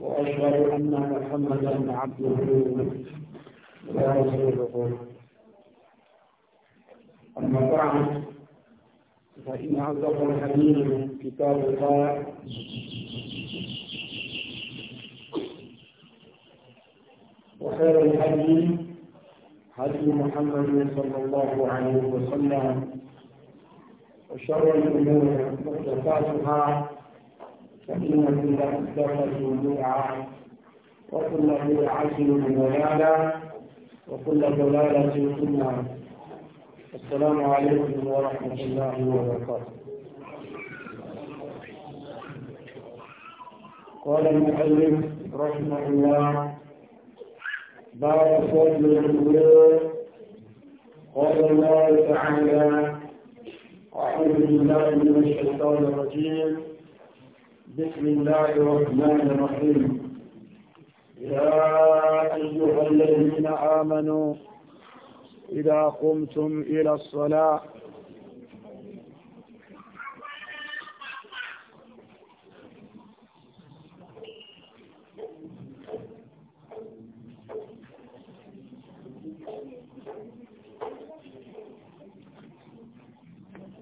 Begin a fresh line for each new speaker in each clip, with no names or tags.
وأشهد أن محمدا عبده ورسوله أما بعد فإن أصدق الحديث كتاب الله وخير الحديث هدي محمد صلى الله عليه وسلم وشر الأمور محدثاتها فإن كل محدثة بدعة وكل بدعة ضلالة وكل ضلالة في النار السلام عليكم ورحمة الله وبركاته قال المؤلف رحمه الله باب فضل الغلو قال الله تعالى أعوذ بالله من الشيطان الرجيم بسم الله الرحمن الرحيم يا أيها الذين آمنوا إذا قمتم إلى الصلاة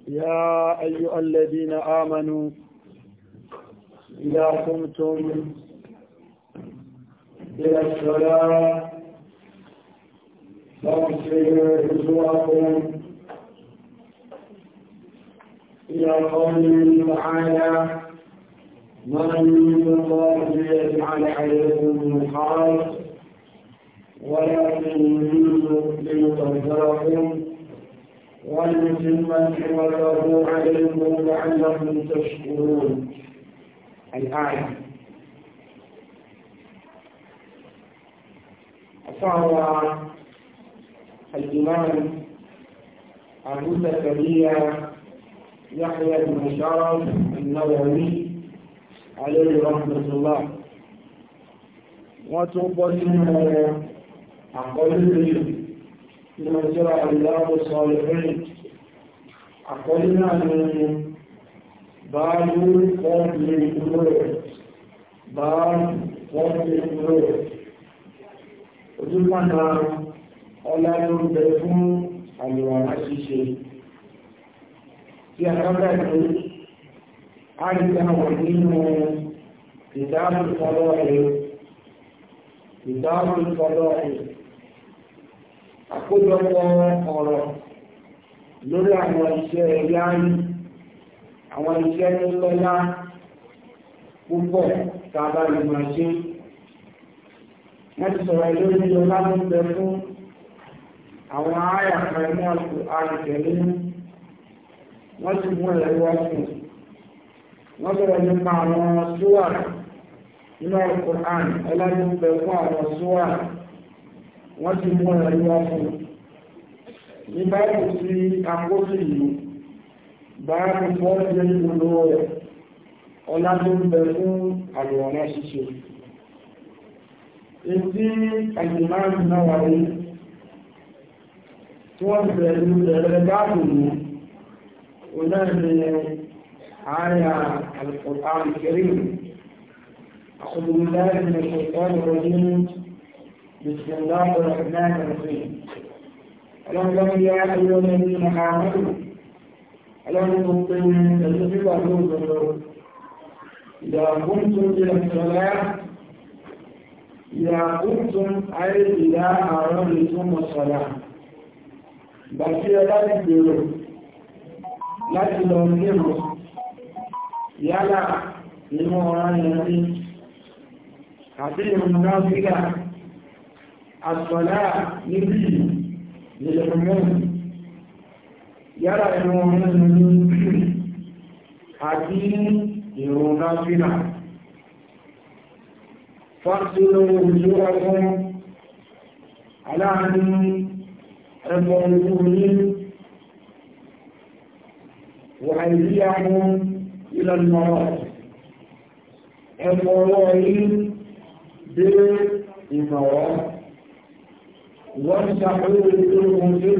يا أيها الذين آمنوا إذا قمتم إلى الصلاة فارسلوا وجوهكم إلى قوله تعالى من الله يجعل عليكم من حرج ولكن يريد ليطهركم وليتم نعمته عليكم لعلكم تشكرون الآية فهو الإمام أبو زكريا يحيى بن شرف النووي عليه رحمة الله وتقبل أقل لمن جرى الله الصالحين أقلنا من báàbù wọ́n lè dúró rẹ̀ báàbù wọ́n lè dúró rẹ̀ ojúmọ́nà ọlá ló ń bẹ fún àlùwàrá ṣíṣe tí a rọ́gbà ìlú a rí àwọn nínú ìdáàbò fọlọ́ rẹ̀ ìdáàbò fọlọ́ rẹ̀ àkójọpọ̀ ọ̀rọ̀ lórí àwọn iṣẹ́ yáyí àwọn iṣẹ́ tó lọ́lá púpọ̀ tàbá ìmọ̀ ṣe wọ́n ti sọ̀rọ̀ lórí ọlá tó bẹ fún àwọn ààyà kan ní àrùtẹ̀lé wọ́n ti mú ẹ̀rọ ọ̀sùn wọ́n sọ̀rọ̀ nípa àwọn ṣúwà nínú ọkùnrin ẹlẹ́dùn bẹ fún àwọn ṣúwà wọ́n ti mú ẹ̀rọ ọ̀sùn ní báyìí sí àkóso ìlú báàbù fọ́ọ̀dé ìlú rẹ̀ ọlá tó ń bẹ fún àwòrán ṣíṣe etí àjùmáàmù náà wáyé tí wọ́n bẹ̀rẹ̀ bẹ̀rẹ̀ báàbù mú onáàrin àyà al-Qur'an al-Karim أعوذ بالله من الشيطان الرجيم بسم الله الرحمن الرحيم اللهم يا أيها الذين آمنوا ọlọ́run pé ẹ̀lú bíbà ló gbọ́dọ̀ ìyàkúntún ilẹ̀ ìṣẹ̀lẹ̀ ìyàkúntún ayé ìyá àárọ̀ lè tún mọ̀ṣọ̀lá bàtí ẹ bá ti gbèrò láti lọ nílò yálà nínú ọ̀rán ẹni àti ìrìnà fílà àṣọ̀lá níbi ìlẹ̀mọ́rin yára ẹ̀rọ ọ̀rẹ́nu ní àti ìrùn náfíà fásitì ojú ọgbọ́n aláàrin ẹgbọ́n ojú ní wà ìrí àwọn ìlànà ẹgbọ́n ọwọ́ yìí dé ìmọ̀wọ́ wọ́n sàkóyè ojú ojú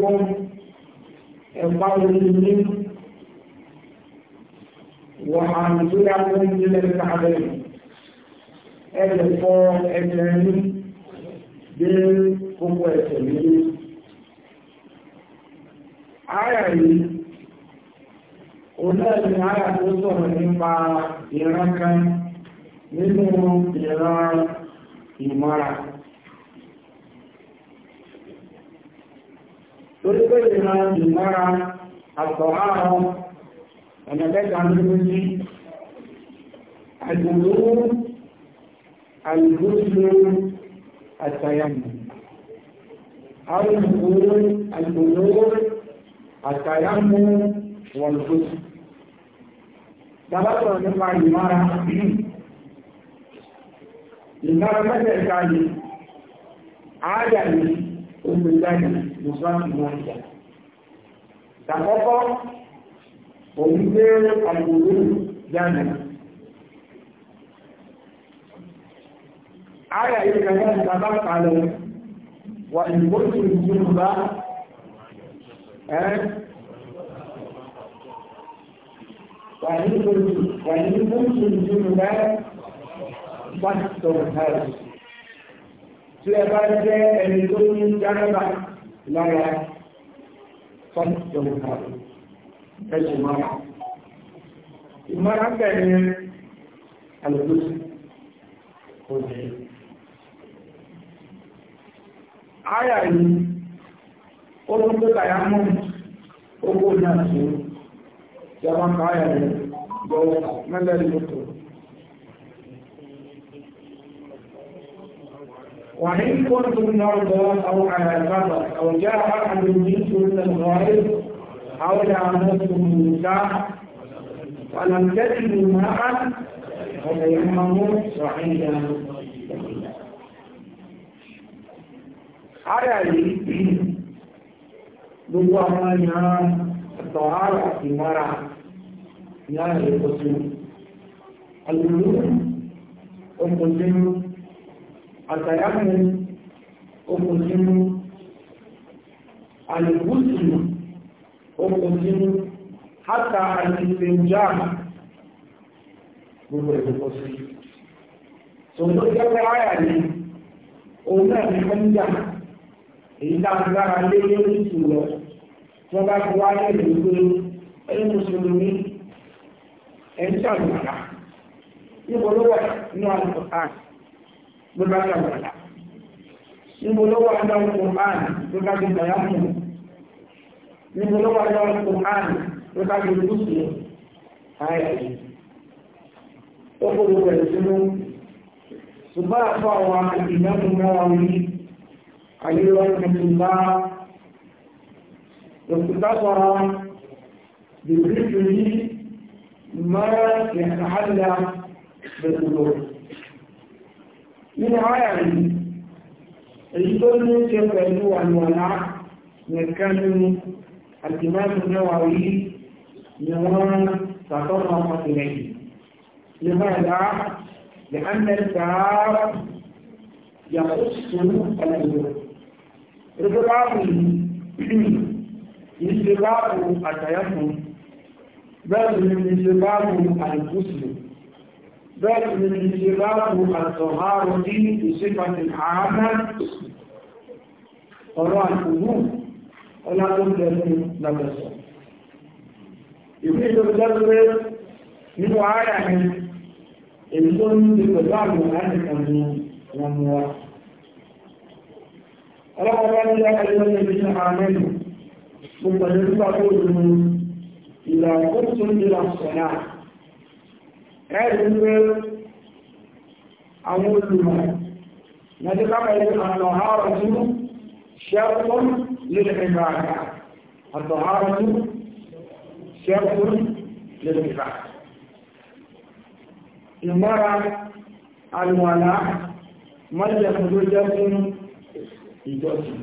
ẹ̀pá orí ní wọ̀hán tó yá fún ilé káàbẹ̀ ẹ̀jẹ̀ fọ ẹ̀jẹ̀ ní dé gbogbo ẹ̀sẹ̀ méjì. Ààyà yìí, òun náà ni ààyà tó sọ̀rọ̀ nípa ìran kan nínú ìran ìmọ̀ra. torí pé ìran ìmọ́ra àtọ̀hárọ̀ ọ̀nà mẹ́ta lórí àjòlówó àlùgbòsílò àtàyàmù àwọn ìgbòho àjòlówó àtàyàmù wọ̀lùgbòsí tàbátọ̀ nípa ìmọ́ra ìmọ́ra mẹ́tẹ̀ẹ̀ta yìí àádà yìí omi ìdájìí nìkan ìwọ̀n ìjà. Ìtàkọ́kọ́, òun gbé àgbòrò jáde. Ayà yìí kẹta ìtàbá kalẹ̀ wà ìbò tí ìjọba bá ẹ́ wà ní ìbò tí ìjọba bá pásítọ̀ hẹ́rì. Tí ẹ bá jẹ́ ẹni tó ní jáde báyìí lára sọ́tọ̀ ìkàrí ẹ̀ṣù mara ìmara bẹ̀rẹ̀ alùgbòsí òjì ayà yìí ó tún tó tàyà mú ogó náà sí ìjọba káyà rẹ̀ gbọ́wọ́ mẹ́lẹ́rìí وإن كنتم مرضى أو على سفر أو جاء أحد منكم من الغائب أو لامستم النساء ولم تجدوا ماء فتيمموا صعيدا Ara yìí gbogbo àwọn ènìyàn tọ̀hárà àti mara ní ààrẹ ìpọ̀sí. Àlùlú, àtàyàmù okùn sínú àlùkùsùnù okùn hátà àìsìsẹ̀ gbogbo ìgbogbo sí so ló jẹ́ pé áyà ni náà ní kọ́ńdà èyí dáadáa lé lórí ìtùlọ tí wọ́n bá fi wáyé ẹni mùsùlùmí ẹni ló bá kà wọ̀lá níbo ló wà dáwọn kùnmán ló bá gbé gbàyà fún níbo ló wà dáwọn kùnmán ló bá gbé lùsùn àìsí ó kó gbogbo ẹ̀ nínú àyà yìí èyí tó ní ṣe pẹ̀lú àlùwàlá nìkan nínú àtìmáàmù mẹ́wàá yìí ni wọ́n sàtọ́nà ọmọ sílẹ̀ yìí لماذا؟ لأن الكعاب يخص الوضوء رضوانه انتباه التيمم بل من انتباه الغسل بل من انتباه الطهارة بصفة عامة قراءة الأمور ولا بد من نفسه يفيد الجذب من عالم الظلم بتضعه عن الأمين والمواقف رغم يا أيها الذين عامل، ثم يتبعون إذا قمتم إلى الصلاة ẹ̀rí pé àwọn olùmọ̀ lẹ́jọ́ lábẹ̀rẹ̀ àtọ̀hárọ̀ tí ó ṣẹ́kùn lẹ́lẹ́gbẹ̀rẹ̀ àgbà àtọ̀hárọ̀ tí ó ṣẹ́kùn lẹ́lẹ́gbẹ̀rẹ̀ ìmọ́ra alùwàlá mọ́jẹ̀kùn tó jẹ́ fún ìjọsìn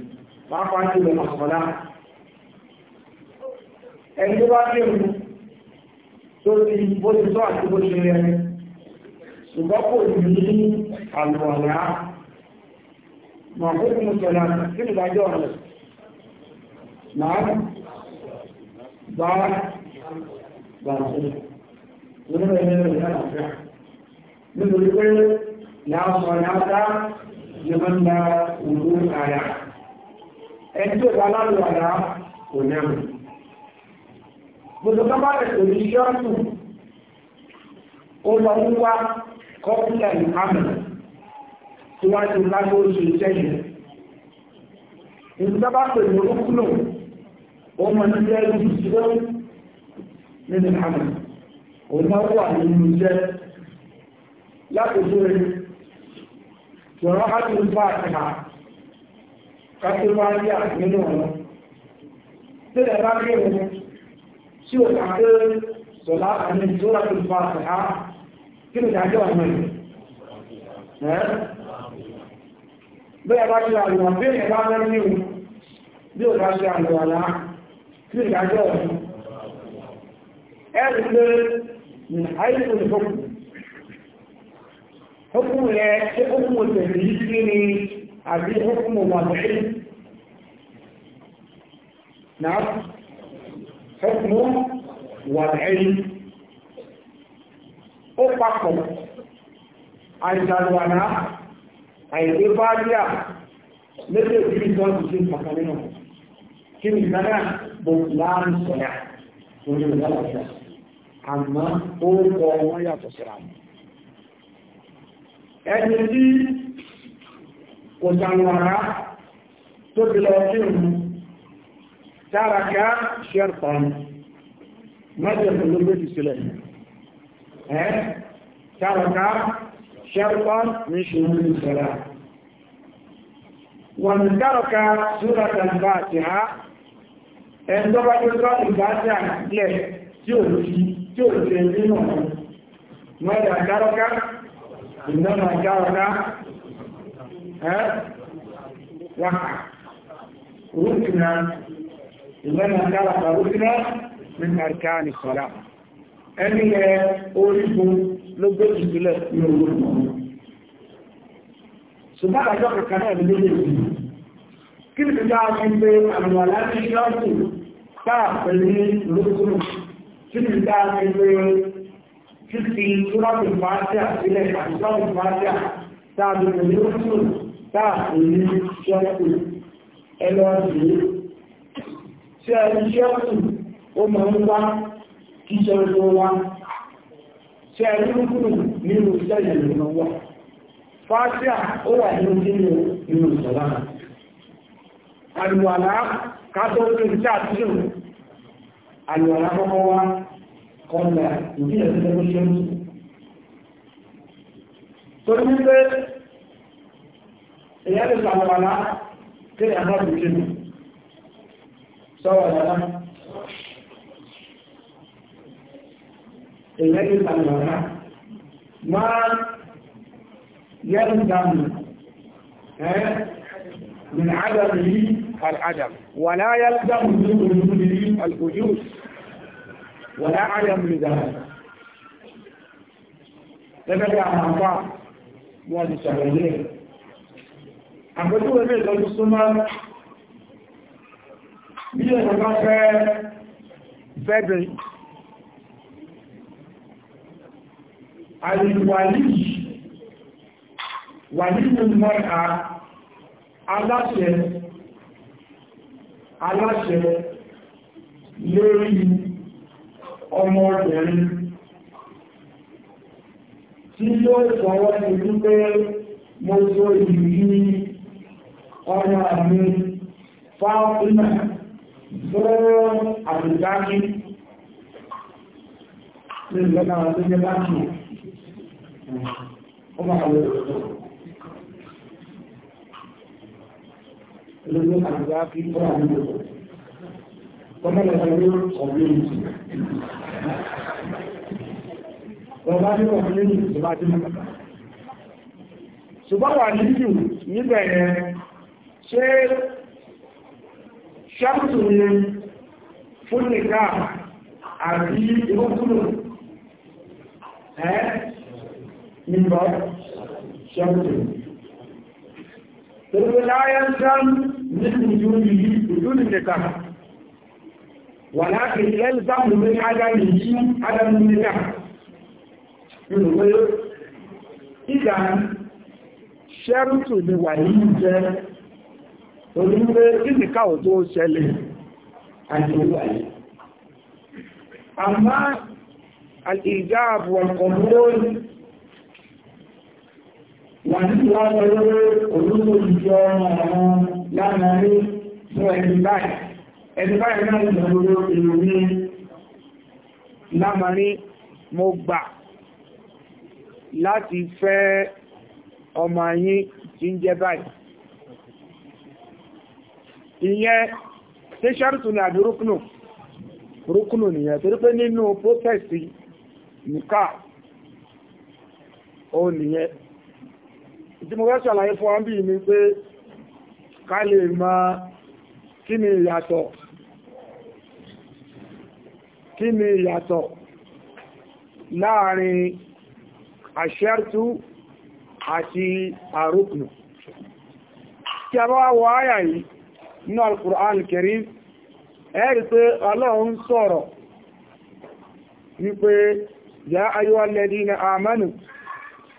pàápàá jùlọ àkọ́lá ẹni bá kí sórí bó ti sọ àti bó ṣe rẹ̀ ṣùgbọ́n kò ní àlùwàlá màbúrú mo sọ̀rọ̀ sí ìdájọ́ rẹ̀ máa bá gbàgbé nínú ẹgbẹ́ rẹ̀ lálàáfíà nítorí pé láàpọ̀ láàpá yóò ń da ẹni tí ó bá lálùwàlá kò ní gbogbo kan bá rẹ̀ pẹ̀lú yọ́ọ̀tù ó lọ ń wá kọ́pútà ìhámẹ̀ síwájú lágbó oṣù ìṣẹ́yìn ìgbà bá pẹ̀lú orúkúlò ó mọ̀ ní jẹ́ ìṣẹ́ nínú ìhámẹ̀ ó náà wà nínú jẹ́ látòjú rẹ̀ yọ̀rọ̀ ájú bá àtìhà kátó bá rí àmínú ọ̀nà tí ẹ̀ bá rí ẹ̀rọ سوى تعبير صلاة من سورة الفاتحة كم تعجبها من؟ ها؟ بيع راجل على الوان بيع راجل على الوان بيع راجل على الوان كم تعجبها من؟ من حيث الحكم حكم لا إيه؟ حكم التدريس فيني عزيز حكم واضحين نعم hukmu wal ilm ó papọ̀ àìdàlùwàná àìdé bá díà lẹ́gbẹ̀ẹ́ ìbí ìtọ́jú sí pàtàkì náà kí ni ìdáná bò láàrín sọ̀rọ̀ lórí ìdálàjà àmọ́ ó kọ wọn yàtọ̀ síra mọ́ ẹni tí kò sàlùwàrá tó ti lọ sí òun táraka ṣẹ́rpọ̀n mẹ́jẹ̀mù ló méjì sílẹ̀ ẹ́ táraka ṣẹ́rpọ̀n ní ṣòro ìṣẹ́lá wọ́n táraka ṣúrata ìbáṣẹ́ ẹ̀ndọ́bá tó tọ́ ìbáṣẹ́ àgbẹ̀ tí ò fi tí ò tẹ̀ nínú mẹ́jẹ̀ táraka ìlànà kára pàrúkínà ní àríká ní sọ́lá ẹni yẹ orígun ló gbé ìpínlẹ̀ ní owó ṣùgbọ́n àjọ kankan náà ní lórí ìlú kí ni kíkà fi pé àwọn aláàbí ṣọ́ọ̀tù táà pẹ̀lú lókùnù kí ni kíkà fi pé fífi túrọ́pù fàájà sílẹ̀ àti túrọ́pù fàájà táà pẹ̀lú lókùnù táà pẹ̀lú ṣọ́ọ̀tù ẹlọ́ọ̀dù tí a iṣẹ́ kù ó mọ̀ ń wá kí ṣe ọjọ́ wá tí a rí kù nínú iṣẹ́ ìrìnà wá fásíà ó wà nínú nínú nínú ìṣọ̀lá àlùwàlá kátó ní ìṣẹ́ àtúnṣe àlùwàlá kọ́kọ́ wá ìdí سواء لما النبي صلى الله عليه ما يلزم من عدمه العدم ولا يلزم من وجوده الوجود ولا عدم لذلك لذلك يا أنفع مواد الشهرين أقول لك أن السنة bí ẹ̀sẹ̀ bá fẹ́ fẹ́bẹ̀ àìwàlì wà nínú mọ́ra aláṣẹ aláṣẹ lórí ọmọ obìnrin tí yóò sọ̀rọ̀ sí wípé mo so ìlú ọmọ àmì fáwọn ìmọ̀ fún àbùdájí ní ìlọ́nà tó jẹ́ láti ọmọ àwọn olóògbé àbùdájí fún àwọn olóògbé kọ́mọ̀lẹ̀ ọ̀rọ̀ ní ọ̀gbẹ̀rẹ̀ ìjọba tí mọ́ ṣùgbọ́n wà ní ṣe ṣẹ́kùtù ni fún nìká àti ìrókùnù ẹ́ nígbọ́ ṣẹ́kùtù Gbogbo láyán sán nínú yóò yìí ìlú nìka, wà láti ẹlùsáàmù ní adámi yìí adámi nìka. Ìrùwé, ìdáni, ṣẹ́rùtù ni wà ní jẹ́ torí pé kí ní káwò tó ṣẹlẹ̀ àmá al-ijab wal-qabul wà ní wọ́n lọ́wọ́ olóògbò ìjọ àwọn lánàárí fún ẹni báyìí ẹni báyìí náà lọ́wọ́ ìlú ní lámarí mo gbà láti fẹ́ ọmọ yín tí ń jẹ́ báyìí ìyẹn tí ṣẹ́rùtù ní àbí rúkùnù rúkùnù nìyẹn torí pé nínú pósẹ̀sì nìká ó nìyẹn tí mo fẹ́ ṣàlàyé fún wọn bí pé ká lè mọ̀ kí ni ìyàtọ̀ kí ni ìyàtọ̀ láàrin àṣẹ́rùtù àti àrúkùnù kí a bá wọ áyà yìí nínú al-Qur'an al-Karim ẹ̀rí pé ọlọ́run sọ̀rọ̀ wípé ya ayyuha alladhina amanu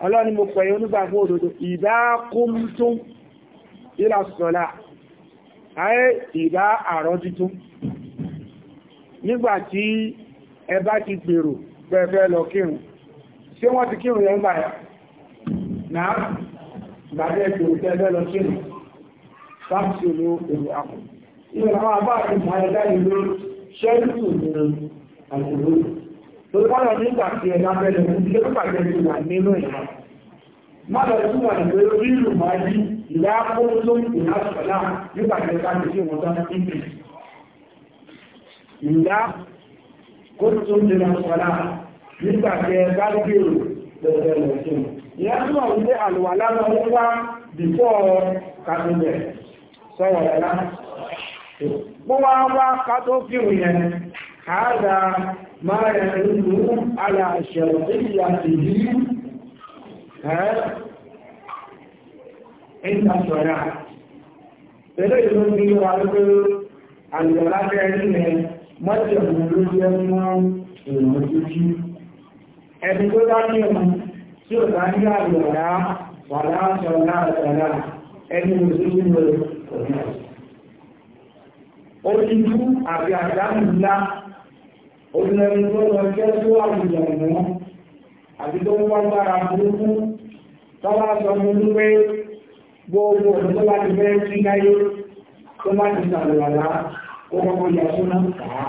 ọlọ́ni mo pẹ̀yẹ onígbàgbọ́ òdodo idha qumtum ila as-salah ayé ìdá àrọ́ títún nígbàtí ẹ bá ti gbèrò pẹ̀fẹ́ lọ kírun ṣé wọ́n ti kírun yẹn gbà náà gbàdẹ́ gbèrò pẹ̀fẹ́ lọ kírun sáàtì olóòrò àpò ìwọ̀n àwọn àbá àti ìmọ̀lẹ́dá ìlú ṣẹ́lùtù nínú àgbòrò tó pọ́nà nígbà tí ẹ̀dá bẹ̀rẹ̀ fún ilé pàdé ti wà nínú ìlà mọ́lọ̀ tí wà ní pé rírù máa yí ìlà kó tó ìlà sọ̀lá nígbà tí ẹ̀dá ti wọ́n tán níbi ìlà kó tó ìlà sọ̀lá nígbà tí ẹ̀dá gbèrò bẹ̀rẹ̀ lọ́sùn ìyá wọ́n ń gbé àlùwàlá lọ́wọ́ wá sọ̀rọ̀ ẹ̀lá gbówá wá ká tó kírun yẹn káàdà máa yẹ ìlú aláṣẹ ìyá ìlú ẹ́ ìtàṣọ̀rà pẹ̀lú ìlú ní wà lókè àlùyọ̀lá bẹ́ẹ̀ ní mọ́jẹ̀mú ló jẹ́ mọ́ ìrùn títí ẹni tó bá ní ọmọ tí ò bá Oríjú àti àdámù ńlá, orílẹ̀-èdè tó lọ jẹ́ tó àwùjọ ìwọ̀n, àti tó ń wọ́n gbára burúkú, tọ́lá sọ mú wípé gbogbo ọ̀dọ́ tó bá ti fẹ́ sí láyé tó má ti sàlùwàlá, ó kọ́kọ́ yà súná kàá,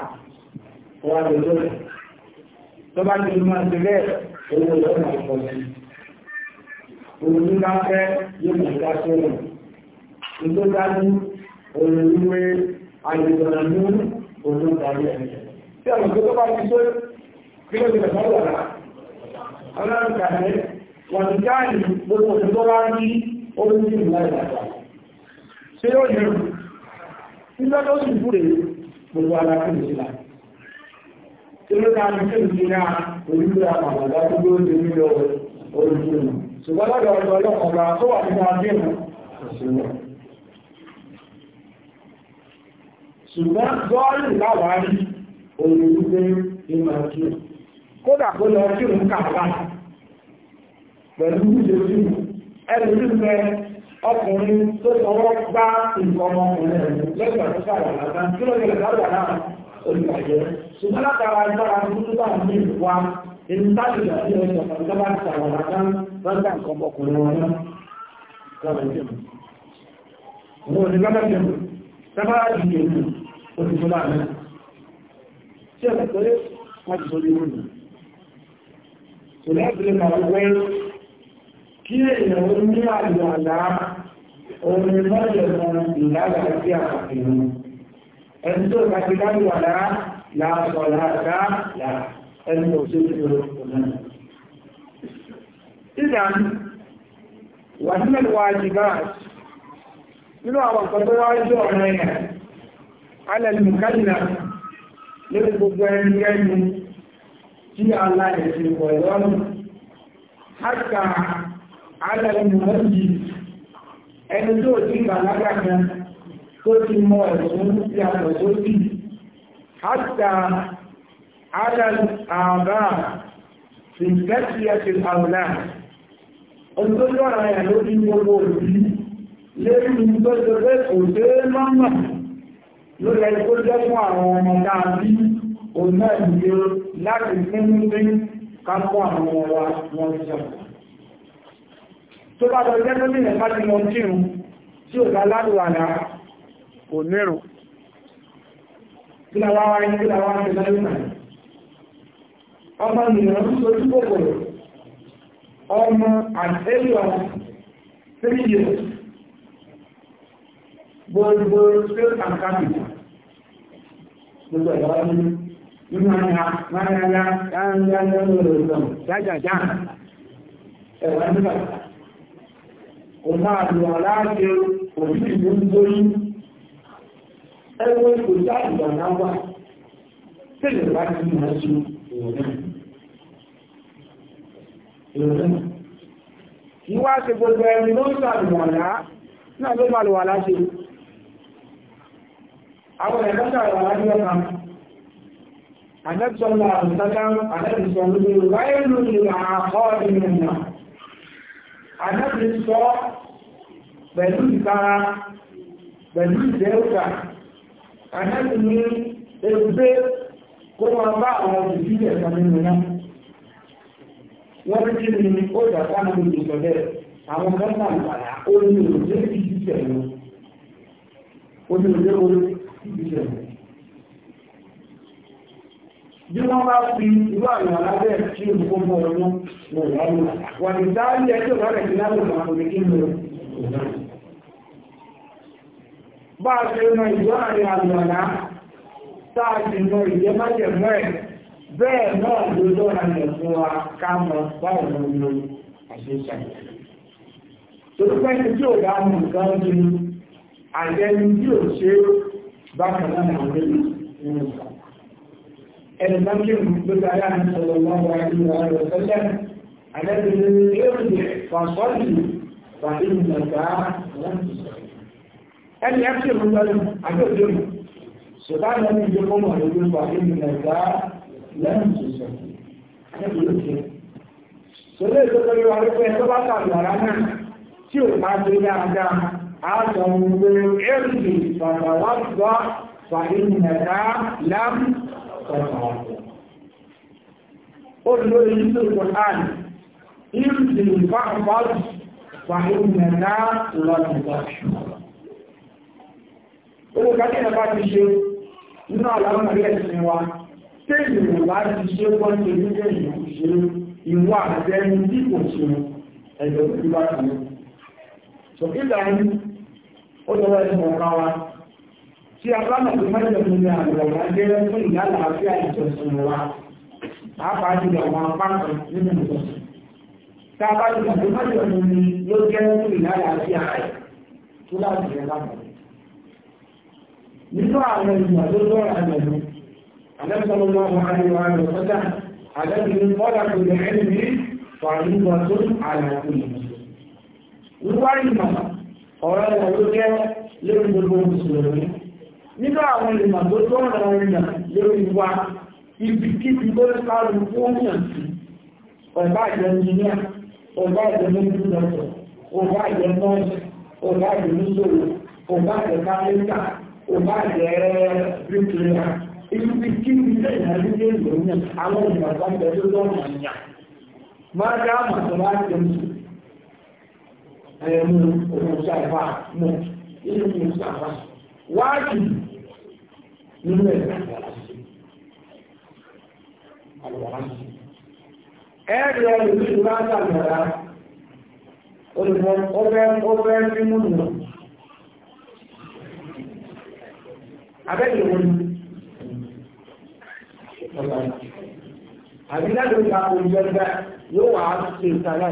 wà lọ́jọ́ rẹ̀. Tó bá ti máa ti rẹ̀, owó ìjọba ìfọ̀sí. Òun ní ìgbé dájú òun wípé ní òun tàbí ẹ̀. Tí àwọn ìgbé tó bá ti tó kí ló ti tẹ̀sán wọ̀ náà? gbogbo òṣèlú tó bá rí ní ìlú náà orílẹ̀ àpàlàdá tó gbé oúnjẹ nílò orí fún Ṣùgbọ́n lọ́dọ̀ ọ̀dọ̀ ọlọ́kọ̀ọ́ra tó wà nígbà dé mọ́ òṣèlú. ṣùgbọ́n gọ́ọ̀lù láwárí olùdúgbé ìmọ̀ kí kódà kó lọ sí òun kàfà pẹ̀lú ìjọsí ẹni ọkùnrin tó sọwọ́ gbá nǹkan Wọ́n ni lọ́gbà jẹun, tẹ́bàá jù jẹun, ó ti tó láàrin tí ẹ̀kọ́ pé wọ́n ti sórí ìròyìn kò lẹ́bìnrin máa wẹ́ kí èèyàn ó ní àlọ́ àlá orin mọ́lẹ̀ wọn ìlàlá sí àkàkìrún ẹni tó bá ti dájú àlá láàpọ̀ láàdá láà ẹni òṣèlú ọ̀nà ìdàn wà nílẹ̀ wájibáà nínú àwọn kan tó wájú ọ̀rẹ́ yẹn alẹ́lùmùkálìlà lórí gbogbo ẹni ẹni tí ala ẹ̀sìn ìwọ̀ ìrọ̀lù hátà alẹ́lùmùkálìlì ẹni tó ti bàlágà kan tó ti mọ ẹ̀sùn tí a lọ sókè hátà alẹ́lùmùkálìlà fi gẹ́sìyà ti àwòlá ọdún tó lọ́ra ẹ̀ lórí gbogbo òbí lórí ló yẹ kó jẹ́ fún àwọn ọmọ náà bí òun náà nílé láti nínú pé ká kó àwọn ọmọ wa wọn sọ tó bá lọ jẹ́ lórí ẹ̀fà tí mo tí ò bá lárùwà náà ọmọ ènìyàn ń sojú kòkòrò ọmọ àtẹ́lẹ̀ three years gbogbo state and capital gbogbo ẹ̀dá wá já ìgbà náà wà tí lè wá sí ìmọ̀ sí ìrọ̀lẹ́ ìwá ṣe gbogbo ẹni ló ń sàlùwàlá náà ló máa lò aláṣẹ àwọn ẹ̀kọ́ta àwọn alájọ́ta anẹ́sọ́lá àrùsáká anẹ́sọ́lá wáyélú ìlà àkọ́ ìrìnà anẹ́sọ́ pẹ̀lú ìtara pẹ̀lú ìdẹ́ọ̀ta anẹ́sọ́ ní ẹgbẹ́ kó wọn bá àwọn òṣìṣẹ́ ẹ̀sán nínú náà wọ́n ti ní ó dàgbà nínú ìṣọ̀lẹ̀ àwọn mẹ́ta ìpàdà ó ní òṣèlú ìṣẹ̀lẹ̀ ó ní òṣèlú ìṣẹ̀lẹ̀. Bí wọ́n bá fi irú àmì àlábẹ́ tí ó gbogbo ọdún wọ̀ wọn wà ní dáálí ẹjọ́ lọ́rẹ̀ sí lálùmọ̀ àwọn ìkíni Bá ṣe mọ ìjọ àrin àlùmọ̀lá, táà mọ ìjẹ májẹ̀mọ́ ẹ̀, bẹ́ẹ̀ náà ló lọ́ra wa ká bákan náà ní ọdún nínú ìgbà ẹni bá kí n gbé ayé àmì sọ̀rọ̀ wọn wà ní ìwà rẹ̀ tẹ́lẹ̀ àdẹ́bìnrin yóò di fàṣọ́ọ̀lì pàdé ìgbàgbà wọn ẹni ẹ kí n gbé àgbẹ̀dẹ̀ mọ̀ ṣùgbọ́n ẹni ìgbé fọ́mọ̀ rẹ̀ gbé pàdé ìgbàgbà lẹ́yìn ìṣẹ̀ṣẹ̀ àdẹ́bìnrin yóò ṣe sọlẹ́ ìṣẹ́jọ́ yóò wá wípé ẹjọ́ bá tàbí àrá náà tí ò bá gbé dáadáa ayọ̀ ìwé èrì fàtàwàgbà fàìmẹ̀ká lám fàtàwàgbà. Ó ló èyí tó Kùrán, ìrìsì fàtàwàgbà fàìmẹ̀ká lám fàtàwàgbà. Ó ló ká nínú àlàmà ẹ̀sìn wa tí ìrìn bá ti ṣe wọ́n ti rí jẹ́ ìṣe ìwà àtẹ́ni tí kò ṣe ẹ̀dọ̀ ó lọ́wọ́ ẹni wa tí a bá mọ̀ pé mẹ́jọ mi ni jẹ́ fún ìyá ìjọsìn wa pàápàá jùlọ àwọn apá kan nínú ìjọsìn tá a bá ti mọ̀ tó lè ẹni ní wà nígbà tó àlàáfíà Wíwá ìmọ̀ ọ̀rọ̀ ẹ̀wọ̀n ló jẹ́ lórí gbogbo mùsùlùmí nínú àwọn ìrìnà tó tó ń rọ ìrìnà lórí wa ibi kíbi tó ń sáré fóònìyàn sí ọ̀gá ìjọ ìjìnlẹ̀ ọ̀gá ìjọ mẹ́rìndínlọ́tọ̀ ọ̀gá ìjọ nọ́ọ̀sì ọ̀gá ìjọ níṣòro ọ̀gá ìjọ káfíńtà ọ̀gá ìjọ bíkìlá ibi kíbi tó ń rọ ìrìnà lórí ẹ̀mú òun ṣàfà mọ̀ nínú òun ṣàfà wáàkì nínú ẹ̀rọ àlùwàlásì ẹ̀rọ ìlú láta mọ̀ra olùmọ̀ ọfẹ́ mímú nù abẹ́lẹ̀ wọn àbí láti ìgbà òjò ẹgbẹ́ yóò wà á ṣe ìtàlẹ́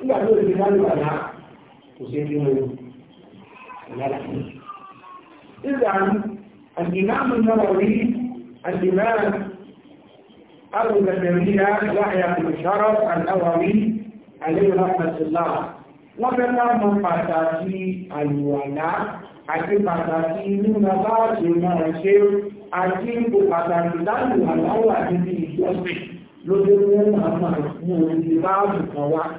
nígbà tó ti dá nígbà náà kò sí ẹbí wọn ìyára nígbà àdìmáàmù náà rí àdìmáàmù أبو زكريا يحيى بن شرف النووي عليه رحمة الله wọ́n fẹ́ mọ́ pàtàkì àlùwàlá àti pàtàkì nínú báàjì náà ṣe àti ipò pàtàkì láàrùn àláwà níbi ìjọsìn ló dé fún àwọn àwọn òṣìṣẹ́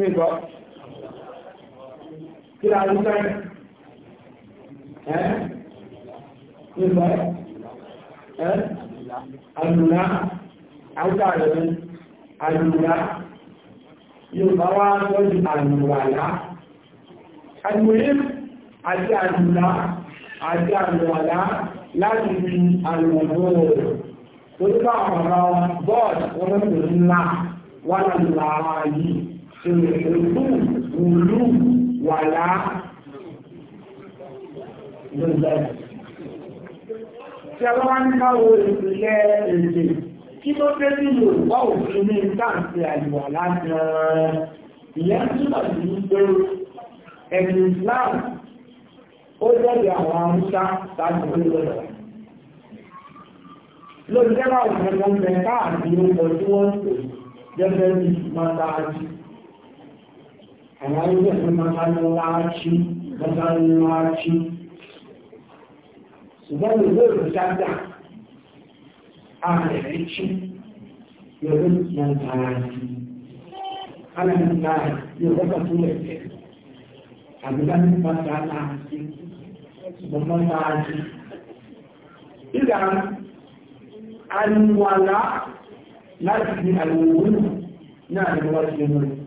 nígbọ́ kí la rí ẹ́ nígbọ́ ẹ́ àlùlá àwùjá rẹ̀ ní àlùlá Yorùbá wá lọ́jú àlùwàlá àlùwàlá àti àlùlá àti àlùwàlá láti fi àlùwàlá Torí bá àwọn ọ̀rọ̀ bọ́ọ̀dù ńlá ìrìnlú ìlú wà láà lọ́lẹ̀. Tí a lọ́wọ́ ń káwọ ìpìlẹ̀ èdè kí ló dé sí Yorùbá òfin ní ìtàǹsì àyíwà láti ọ̀rọ̀ ìyẹn túnmọ̀ sí wípé ẹ̀sìn Islam ó jẹ́rìí àwọn amúṣá láti orí lọ́dọ̀. Lóòjẹ́ bá òfin ọmọ ẹ̀ká àti ọkọ̀ tí wọ́n ń pè gẹ́gẹ́ bí mọ́tàájú amma yi zai masallaci masallaci su zai zai fita da ahalici yanzu yan tarihi ana yin tarihi yau zaka tura ke a gidan masa tarihi babban tarihi idan an wala láti ní àwòrán náà ni wọ́n ti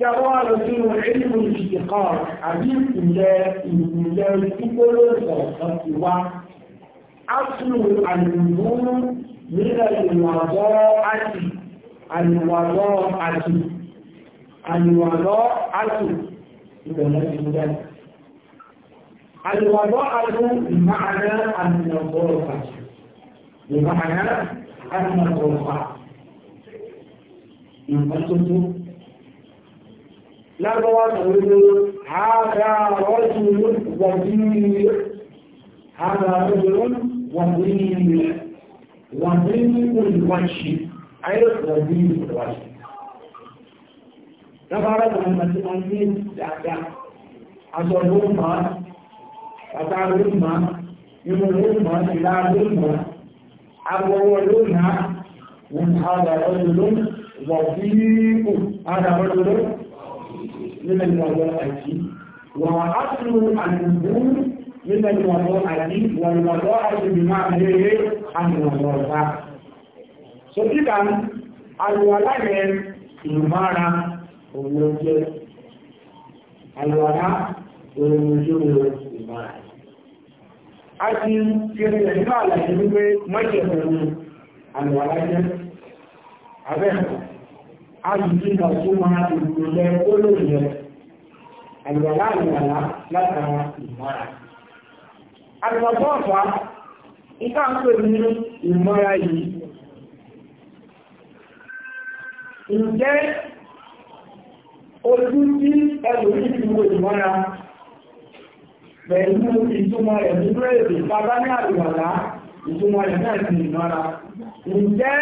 Ṣàwọ́rọ̀ tí ó ẹ̀lú ìṣẹ̀kọ́ àbí ìpìlẹ̀ ìpìlẹ̀ ìpínlẹ̀ ọ̀sán ti wá. Aṣùlù àlùmú nílẹ̀ ìwàdọ́ àti àlùwàdọ́ àti àlùwàdọ́ àti ìbẹ̀rẹ̀ ìpínlẹ̀. Àlùwàdọ́ àti ìmáàrẹ àmìnàbọ̀ọ̀fà. Ìmáàrẹ àmìnàbọ̀ọ̀fà. Ìmọ̀ tuntun lágbọ́wà tàbí hádá rọ́jù wàdíyẹ hádá rọ́jù wàdíyẹ wàdíyẹ olùwàṣì ayé wàdíyẹ olùwàṣì lábára tàbí àti àti dáadáa aṣọ ló máa bàtà ló máa inú ló máa ìlà ló máa agbọwọ ló máa wọn hádá rọ́jù wàdíyẹ hádá rọ́jù من الوضاءة وأصل النزول من الوضاءة والوضاءة بمعنى الوضاءة so kíkà alùwàlá yẹn ìmára òwòjẹ́ alùwàlá òwòjẹ́ ìmára a ti kiri ẹ̀ nípa àlàyé wípé mọ́jẹ̀ pẹ̀lú alùwàlá jẹ́ àyíká tó máa ìrìnlẹ̀ olóòrẹ̀ àlùwàlá àlùwàlá látara ìmọ́ra. Àlùwàtọ́ ọ̀fà, ìta ń pè ní ìmọ́ra yìí. Ǹjẹ́ ojú tí ẹlòmí ti wo ìmọ́ra pẹ̀lú ìtumọ̀ rẹ̀ nínú èdè bàbá ní àlùwàlá ìtumọ̀ rẹ̀ náà ti ìmọ́ra. Ǹjẹ́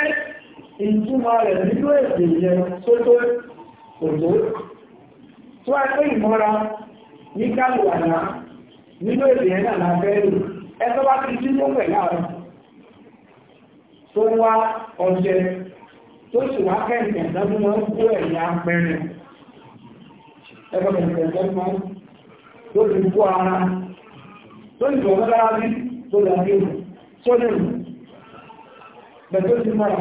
ìtumọ̀ rẹ̀ nínú èdè yẹn tó òjò tó wá pé ìmọ́ra ní kálùwàná nínú èdè yẹn náà lábẹ́rù ẹgbẹ́ bá ti dínú pẹ̀ láàrùn tó wá ọjẹ́ tó sì wá kẹ́ǹkẹ̀ lọ́dún kó ẹ̀yà pẹ́rin ẹgbẹ́ kẹ́ǹkẹ̀ lọ́dún máa ń tó ti kó ara tó ti bọ̀ mọ́lára bí tó dàbí tó lè bẹ̀ tó ti mọ́ra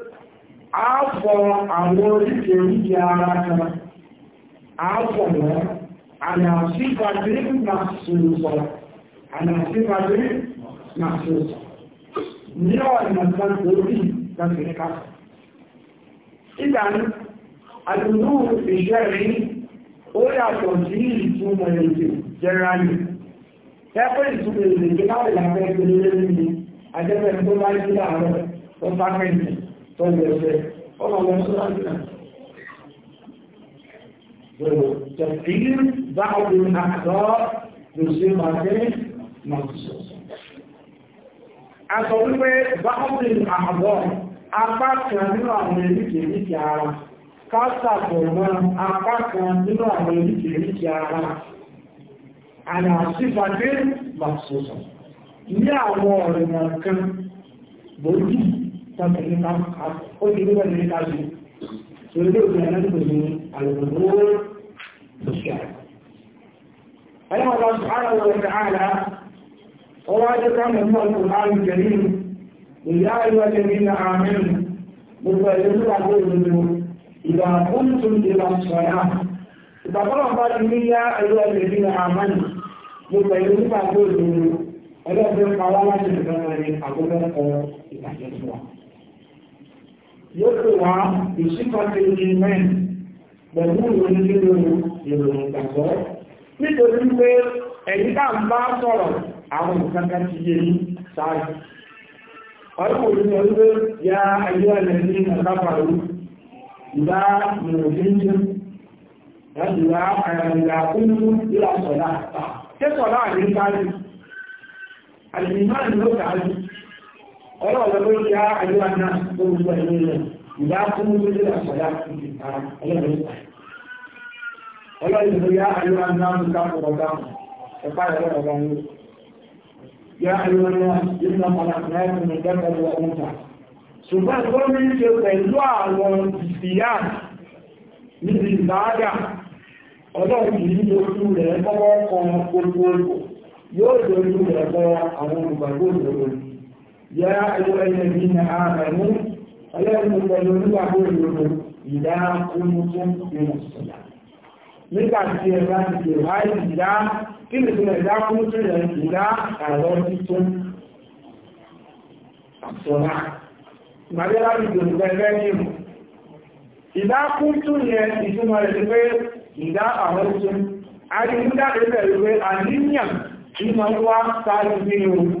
àáfọ̀ àwọn oríṣẹ́ oríṣẹ́ ara kan àáfọ̀ wọ́n àyàsífàdé nàṣòsọ̀ àyàsífàdé nàṣòsọ̀ ní ọ̀nà kan orí lọ́sẹ̀ká ìdáni àdúrú ìṣẹ́rí ó yàtọ̀ sí ìtumọ̀ èdè jẹ́ráyì ẹgbẹ́ ìtumọ̀ èdè jẹ́ láwẹ̀ lábẹ́ ìpínlẹ̀ ní ajẹ́bẹ̀ tó bá ń sí láàárọ̀ tó bá pẹ̀lú pẹ̀lú ẹgbẹ́ ọlọ́run sọ́lájúmọ̀ pẹ̀lú tẹ̀fíìr báwọn àkọ́ lòṣe màtẹ́ màtúsọ̀ aṣọ wípé báwọn àbọ̀ apá kan nínú àwọn eríkèríkè ara kásàpọ̀ mọ́ apá kan nínú àwọn eríkèríkè ara àlàáfífàdé màtúsọ̀ ní àwọn ọ̀rìnà kan gbòógì sábẹ̀lẹ́ká ó ti rí bẹ́ẹ̀ lẹ́ka jù lórí òkè anáàbò ní àlùkò òṣìṣẹ́. Ọlọ́run subhanahu wa ta'ala ó wá jẹ́ ká mọ̀ mọ́ Al-Qur'an Karim ìyá ìwà jẹ́bi ní àmín gbogbo ẹ̀yẹ́ tó wà ní òdodo ìgbà kúntù ìlà sọ̀yà. Ìgbà tó wà ní ìyá ìwà jẹ́bi ní àmín gbogbo ẹ̀yẹ́ tó láti ìgbà rẹ̀ àgbẹ̀fẹ́ kọ ìbàjẹ́ fún wa yóò pè wá ìṣípàtẹ̀ ìmẹ́rin pẹ̀lú ìròyìn nínú ìròyìn ìgbàgbọ́ nítorí pé ẹ̀yí tá ń bá sọ̀rọ̀ àwọn ìkàkà ti yé ní sáàrì ọ̀rọ̀ òní ọdún ya ayé ẹ̀lẹ́ eh, ní ìgbàgbàrú ìgbà mìírànjẹ́ ìgbà àyàrìnlá kúrú ìlà sọ̀lá tẹ́sọ̀lá àríkárí àjìmá ìlú kàájú ọlọ́run ló ya àyíwá náà tó ń lọ ìlú rẹ̀ ìyá fún lórí àṣàyà fún ìtara ọlọ́run ìpa ọlọ́run ló ya àyíwá náà ń ká pọ̀ dá ẹ̀fà ẹ̀rọ ọ̀rọ̀ ń ya àyíwá náà yìí náà mọ̀nà náà fún mi dẹ́kọ̀ lọ ń ta ṣùgbọ́n tó ní ṣe pẹ̀lú àwọn ìfìyà níbi ìbáàdà ọlọ́run yóò lójú rẹ̀ lọ àwọn olùgbàgbọ́ òdòdó يا أيها الذين آمنوا فلا تبلون وقولوا إذا قمتم من الصلاة nígbà tí ẹ bá ti pè wá ìdá kí ni tí ẹ̀dá fún tí ẹ̀ ìdá àrọ títún àṣọ́lá màdílá ti pè nígbà ẹgbẹ́ ní ìmọ̀ ìdá fún tún yẹ ìtumọ̀ rẹ̀ pé ìdá àrọ títún a ti ń dáre pé àníyàn ìmọ̀ wá sáré ní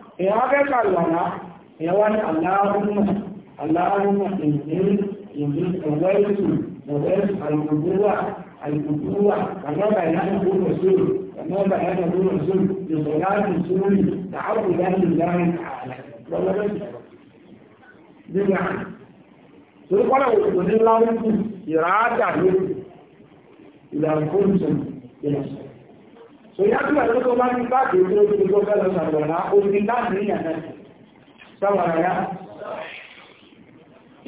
èyàn wá fẹ́ kàlùwàlá èyàn wá ní aláàrùnmà aláàrùnmà ìdílé ìdílé ọ̀wẹ́sù ọ̀wẹ́sù àìkùdúwà àìkùdúwà kàmọ́bà ìyáni gbogbo sóòrò kàmọ́bà ìyáni gbogbo sóòrò ìṣọ̀lá ti sóòrò tààbù láti láàrin ààlà lọ́wọ́lọ́wọ́ nígbà torí kọ́lá òṣèlú ní láwọn ìràádà lórí ìlànà kóòtù ìlànà Sòyájú ẹ̀rọ tó bá ní báàgì tó ó ti gbọ́gbẹ́ lọ sàbọ̀nà orí láti ní ẹ̀nà sọ́wọ̀rọ̀ yá.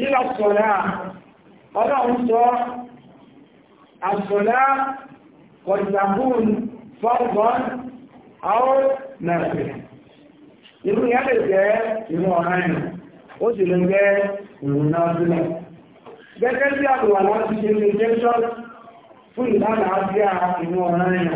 Ìlà sọ̀rọ̀ ọlọ́run sọ àṣọ̀lá kọ̀dàbùn fọ́gbọ́n àwọn mẹ́rin. Irú yá lè jẹ́ ìrún ọ̀rá ẹ̀nà, ó sì lè jẹ́ ìrún náà sílẹ̀. Gẹ́gẹ́ bí àbùwà láti ṣe fún ìlànà àbíà ìrún ọ̀rá ẹ̀nà.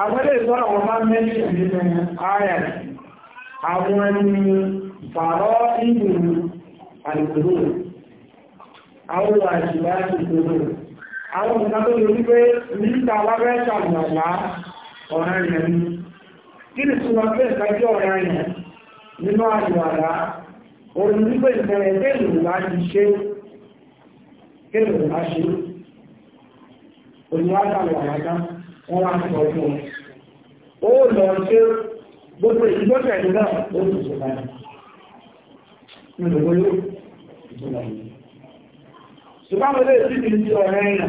àwọn ilé ìtọ́nà wọn bá mẹ́rin nínú ààyà àwọn ẹni fàárọ́ ìlú àìkòrò àwọn àìṣìlá ìkòrò àwọn ìgbà tó lè nígbà lábẹ́ ṣàmùlá ọ̀rẹ́ rẹ̀ ní kí ni tí wọ́n fẹ́ ìtàjọ́ ọ̀rẹ́ rẹ̀ nínú àjọ̀wàdá orin wọ́n wá sọ fún ó lọ ṣe gbogbo ìgbọ́sẹ̀ ìlú náà ó sì ṣe báyìí nínú gbogbo ìjọba yìí ṣùgbọ́n ilé ìsí ti ti ọ̀rẹ́ ìyà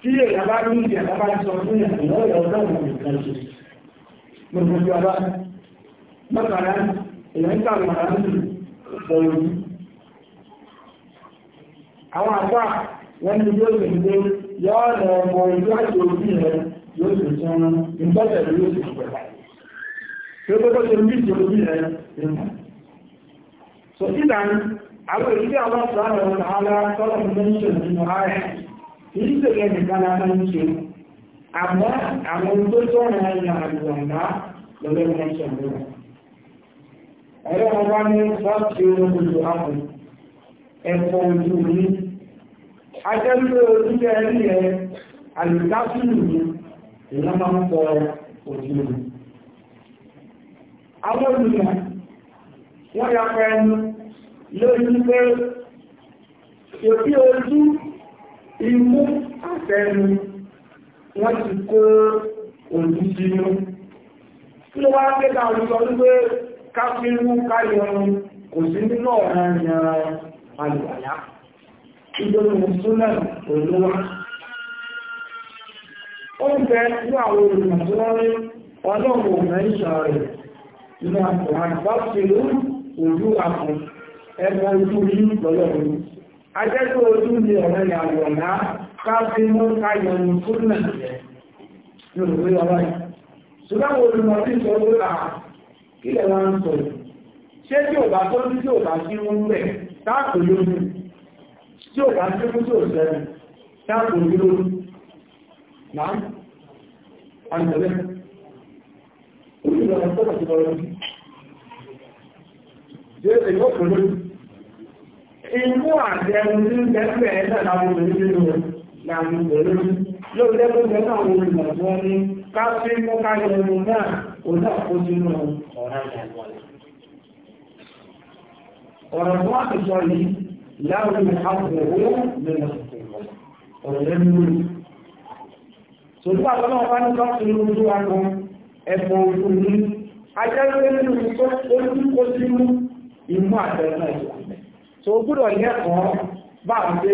tí èyà bá ní ìdí àbábá sọ fún ìyàwó gbogbo ìjọba àwọn àpá wọn ni yóò rìn ya lọ ọmọ ìlú àti òbí rẹ̀ yóò sì tún ìgbọ́tẹ̀ yóò sì pẹ̀lá. Tí ó tó ṣe ń àwọn àwọn mẹ́ṣẹ̀ nínú ààrẹ, nìkan ń ṣe. Àmọ́ àwọn tó lọ́lẹ́ mẹ́ṣẹ̀ Ẹ̀rọ wọn wá ní sọ́ọ̀tì olóògbé ẹ̀fọ́ ojú ajẹ́lú orílẹ̀ ẹ̀rí ẹ̀ alìkásílù ní èyàn máa ń pọ òjìlú àwọn olùyà wọ́n ya pẹ ẹnu lórí pé èbí ojú imú àtẹnu wọ́n ti kó òjú sínú kí ló wá kéta olùsọ wípé káfíńmú káyọrun kò sí nínú ọ̀rọ̀ ìyàn alùwàlá ìgbóhùn súnà òlúwà ó ń bẹ ní àwọn olùmọ̀ tí wọ́n rí ọlọ́run òmìnira rẹ̀ nínú àkùnrin bá òjú àkùn ẹgbẹ́ ojú ní lọ́lọ́run ajẹ́gbẹ́ ojú ni ọ̀rẹ́ ìyàwọ̀nà káfí mú káyọnu súnà ní tí ò bá tó tí ò bá sí wọn bẹ̀ táàkù tí ó wà ní ọdún tí ó sẹ́rin táàkù ní lórí náà àìsẹ̀lẹ̀ orílẹ̀-èdè ọ̀pọ̀ ti lọ lórí jẹ́ èyọ́ pẹ̀lú inú àjẹun ní gẹ́gẹ́ ẹ̀ẹ́dà láwọn obìnrin ọ̀rọ̀ ìyàwó ọ̀rọ̀ yìí láwọn ìhàbẹ̀wò lẹ́nà ọ̀rẹ́ lórí. Sòtúbà lọ́nà ọba ní lọ́sùn lójú agbọn ẹ̀fọ́ ojú ní ajẹ́rẹ́ nínú olùkó sínú inú àtẹ̀rẹ́ náà ìlànà. Sò gbúdọ̀ ní ẹ̀kọ́ bá ń gbé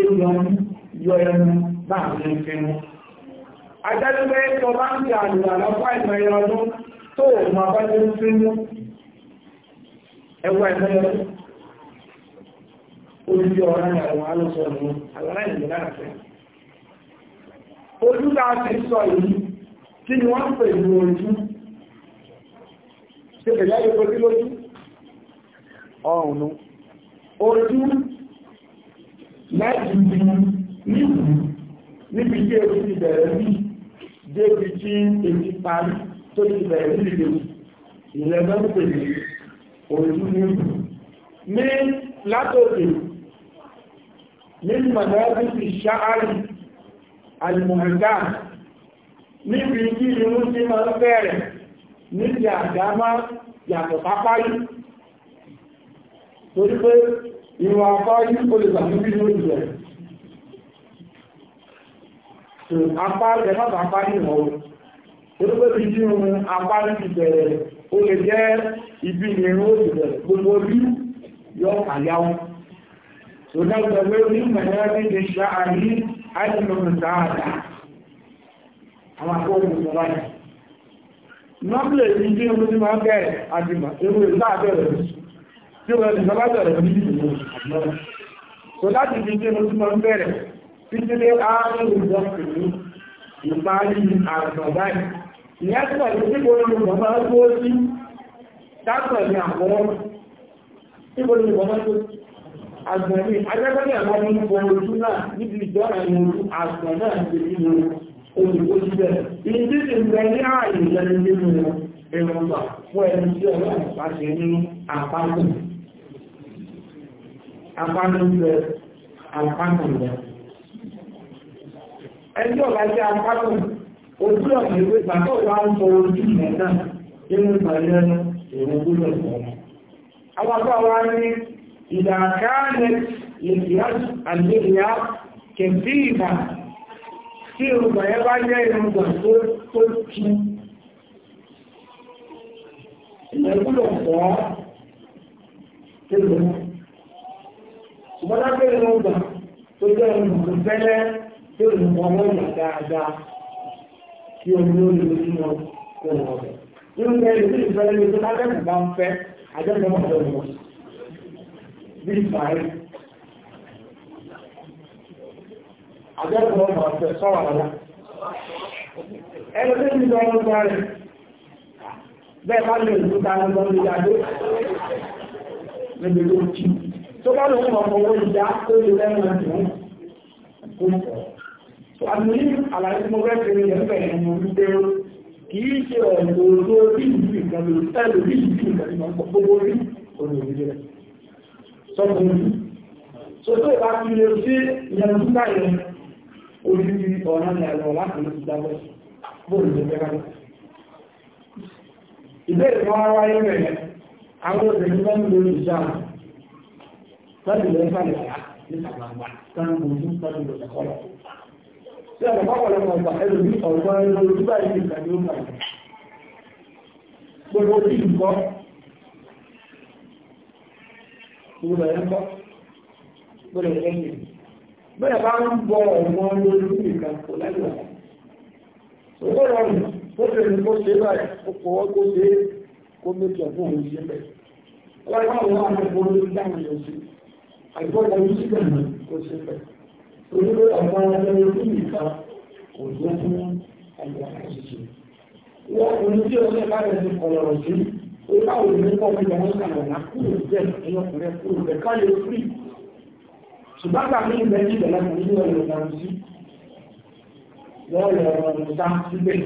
yọ ẹnu bá ń gbé fínú. Ajẹ́rẹ́ pé tó bá ń gbé àlùwà lọ́pọ̀ ìmọ̀ye ọdún tó mọ̀ bá ń gbé fínú. Ẹwà ìmọ̀ye ọdún ojú ọ̀rá ní àwọn alóṣọ́ ní aláìlú láàfẹ́. Ojú láti sọ yìí kí ni wọ́n pè ní ojú? Ṣé pẹ̀lú ayé ojú lójú? Ọ̀rùn. Ojú láti bí níbi níbi tí èkú ti bẹ̀rẹ̀ bí débi tí èkú parí tó ti bẹ̀rẹ̀ bí ìdèmù. Ìrẹ̀lẹ́ ń pè ní ojú níbi. Ní látòkè من ملابس الشعر المهجان níbi tí irú tí ma ń bẹ̀rẹ̀ níbi àdámá yàtọ̀ sápáyí torí pé ìwọ̀n àpáyí o lè gbàmú bí ló jẹ́ tó apáyí ẹ̀fàtà apáyí ìwọ̀n ti bẹ̀rẹ̀ o lè jẹ́ ibi ìrìn ó gbogbo bí yọ àyáwó ولو لوري منابت الشعري الممتازة àwọn akọ́wọ́ ìjọba yìí nọ́pìlẹ̀ yìí tí ó ti máa bẹ̀rẹ̀ àjìmọ̀ ewu ìlà ọzọ tí ó rẹ̀ ìjọba bẹ̀rẹ̀ ní ìdìbò àjọba so láti fi tí ó ti máa bẹ̀rẹ̀ tí tí lé ààrùn pẹ̀lú ìparí àjọba yìí tí wọ́n ti kó lórí bàbá tó sí dákọ̀ ní àkọ́wọ́ tí kó lórí bàbá tó sí àgbẹ̀mí agbẹ́gbẹ́gbẹ́ ẹ̀mọ́ ní oòrùn náà níbi ìjọ́ra ìmòrú àgbẹ̀ náà ti rí mú olùkó síbẹ̀ ìdí ti ń bẹ ní ààyè ìjẹni nínú èròǹgbà fún ẹni tí ọlọ́run pàṣẹ ní àpapọ̀ apánúfẹ́ apánúfẹ́ ẹjọ́ láti apánú ojú ọ̀nà ìwé gbàtọ̀ wá ń sọ ojú ìmẹ̀ náà nínú ìgbàlẹ́ ẹnu èròǹgbà lọ́wọ́ إذا كانت اليد كثيفة tí ògbà ẹ bá jẹ́ ìrùngbà tó kí ìyẹ̀kúlò pọ̀ tí lò mọ́ ṣùgbọ́n lápẹ́ ìrùngbà tó jẹ́ ìrùngbà fẹ́lẹ́ tí òrùngbà wọ́n yà dáadáa kí omi kó wọ́n bẹ̀. nínú ẹni tí ìfẹ́lẹ́ ní tó lábẹ́ ń fẹ́ ajẹ́kọ̀ọ́ ní ìsàárì àjẹ́kọ̀ọ́ ma fẹ́ sọ́wọ́ rárá ẹgbẹ́ tí ìjọ ọmọ ọgbà rẹ̀ bẹ́ẹ̀ bá lè ló ta lọ́gbọ́n lè jáde lẹ́gbẹ̀ẹ́ ló kí tó bá lè wọ́n ọmọ owó ìjà tó a lẹ́nu ẹ̀sìn kó mọ̀ àmì àlàyé tí mo fẹ́ fi rí ẹ̀fẹ́ ìmú wípé kìí ṣe ọ̀dọ̀ tó bí ìlú ìkan lè tẹ́lẹ̀ bí ìlú ìkan lè gbogbo rí òní òní sọ́gbọ̀nù tó tó ìbá fi lè sí ìyẹn túnbà orí ọ̀nà ìrìnàlọ́ láti lè ti dábọ̀ bóòlù tó fẹ́ kájọ ìbéèrè kan wá wáyé rẹ̀ àwọn obìnrin tó ń lo ìjà ìwúlọ̀ bẹ́ẹ̀ bá ń bọ ọ̀wọ́n lórí nìkan kò láyọ̀ òwò rọrùn ní kó ṣe báyìí ó ṣe kó méjì òun wọ́n ọmọ yóò sí Ọlá òun ní wọ́n fi lọ́wọ́ sàrọ̀ náà kúrò jẹ́ ẹyọkùnrin kúrò bẹ̀ ká lè rí. Ṣùgbọ́n àgbà mí ìbẹ̀ ní ìbẹ̀lẹ̀ kan nínú ẹ̀rọ ìdàrú sí. Wọ́n lọ ọ̀rọ̀ ìta síbẹ̀.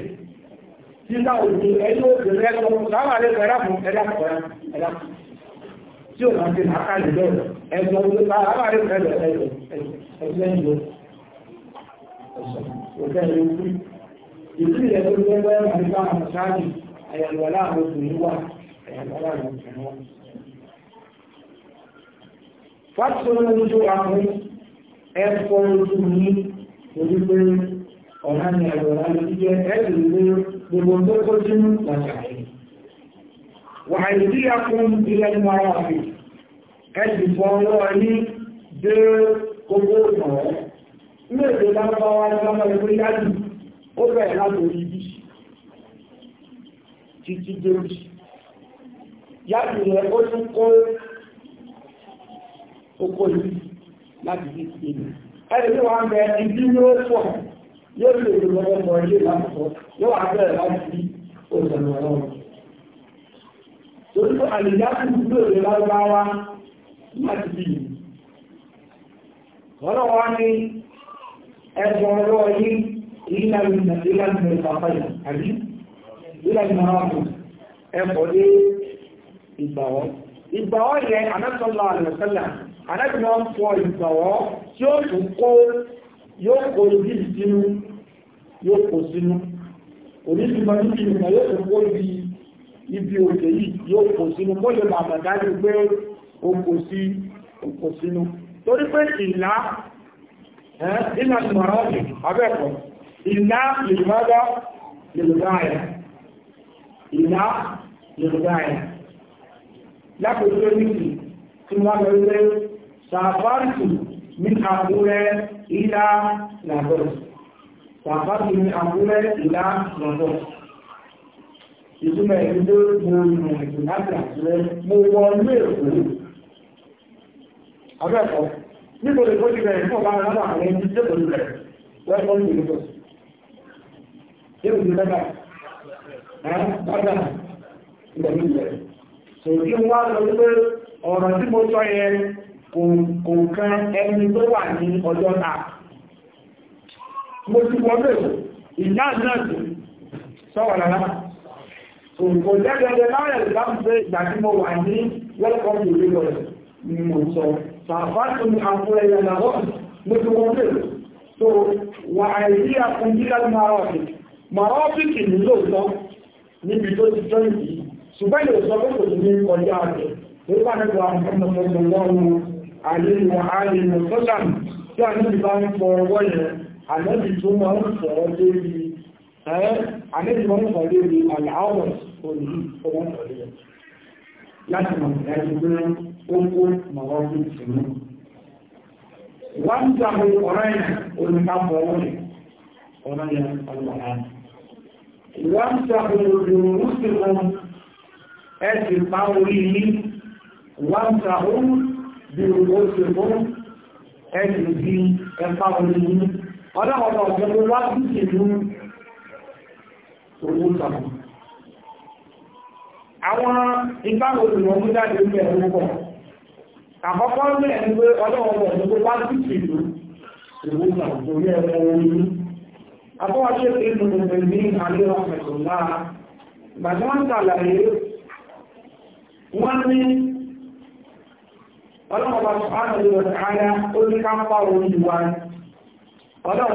Títà òun ẹni òkèrè ẹ̀rọ sáwà lè fẹ́ra fún ẹ̀dá kọ̀ọ̀rọ̀ ẹ̀dá. Tí ò máa ti nà ká lè bẹ̀rẹ̀ ẹ̀sọ̀ òun sáwà lè fẹ́rẹ̀ ẹ̀rọ ẹ̀sẹ̀ ìlú. Òkè ìlú ìlú ìlú ìlú ìlú ìlú ìlú ìlú ìlú ìlú fásitì ojú àwọn ẹ̀fọ́ ojú ní orí pé ọ̀nà ni àgbọ̀nà ìjẹ́ ẹ̀rù ilé gbogbo tó tó sínú làṣàyè wà ìdí akún ilẹ̀ ní ara rẹ̀ ẹ̀sì fọ́ ọwọ́ ní dé gbogbo ọ̀rọ̀ ilé èdè lábáwá lábá ẹgbẹ́ yájú ó bẹ̀rẹ̀ láti orí bí títí yáàbì rẹ̀ ó tún kó oko yìí láti bí ti èdè ẹni tí wọ́n bẹ ibi yóò pọ̀ yóò lè lè lọ́wọ́ mọ ilé lápapọ̀ yóò wá bẹ̀rẹ̀ láti bí òṣèlú ọ̀rọ̀ torí àlèyá tó dúró lè lárúbáwá láti bí yìí wọ́n wá ní ẹgbọ́n ọlọ́ yìí ìlànà ìlànà ìpàpáyà àbí ìlànà àwọn ẹ̀kọ́ lé ìgbàwọ́ ìgbàwọ́ yẹ anásọ́lá àlùsọ́là anásọ́lá ń fọ ìgbàwọ́ tí ó tún kó yóò kó ibi ìsinú yóò kó sínú onídìmọ̀ níbi ìmọ̀ yóò tún kó ibi ibi òkè yìí yóò kó sínú kó lè bàbà dájú pé ó kó sí òkó sínú torí pé ìlà ìlà ìmọ̀ràn ọ̀sẹ̀ abẹ́ẹ̀kọ́ ìlà lè mọ́dọ́ lè lọ́dọ̀ àyà ìlà lè lọ́dọ̀ àyà lápòjú oníkì tí wọ́n lọ wípé sàfáàtù ní àkúrẹ́ ìlà lagos sàfáàtù ní àkúrẹ́ ìlà lagos ìtumọ̀ ìdílé mo ìrìn àjò láti àkúrẹ́ mo wọ ilé èkó abẹ́ẹ̀kọ́ nítorí kó ti bẹ̀rẹ̀ fún ọba aláwọ̀ àwọn ẹni kò kí n wá lọ pé ọ̀rọ̀ tí mo sọ yẹn kò kan ẹni tó wà ní ọjọ́ ta mo ti wọ́n bẹ̀rẹ̀ ìyá náà sí sọ́wọ́ lára kò jẹ́gẹ́gẹ́ láàrẹ̀ ìdáhùnṣe ìgbà tí mo wà ní welcome to Lagos ni mo sọ sàfáàtì ní àfúrẹ́ ìyànà wọ́n mo ti wọ́n bẹ̀rẹ̀ so wà àìrí àkùnjílẹ̀ marọ́ọ̀tì marọ́ọ̀tì kì ní lóòótọ́ níbi tó ti jọ́ ìdí ṣùgbọ́n yóò sọ pé kò sí ní kọjá rẹ̀ nípa nípa ọmọdéwọ́n àlejò àlejò sọ́làm tí a níbi bá ń fọ ọwọ́ yẹn àlejò tó máa ń fọ ọ lórí ẹ́ àlejò máa ń fọ lórí àlàáwọ̀ òní ọwọ́ ìfọ̀lẹ́ láti mọ̀ láti gbé oko màwọ́ fún ìsinmi. Wọ́n ń jàmù ọ̀rẹ́ yẹn olùkápọ̀ ọwọ́ yẹn ọ̀rẹ́ yẹn ọlọ́rẹ́. Wọ́n ń jàmù olùrùsùn ẹ̀sì pa orí ní wọ́n ta bí o ṣe fún ẹ̀sì bí ẹ̀fà orí ní ọlọ́pàá ọ̀gbọ́n wá sí ìlú owó tàbí àwọn ìgbàwò ìwọ̀n jáde ní ẹ̀rọ àkọ́kọ́ ní ẹni pé sí ìlú orí orí wọ́n ní ọlọ́pàá ṣùgbọ́n lọ́wọ́ ó ní ká pàrọ̀ wa ọlọ́pàá gbogbo àwọn ọmọ rẹ̀ ṣùgbọ́n pa máa ń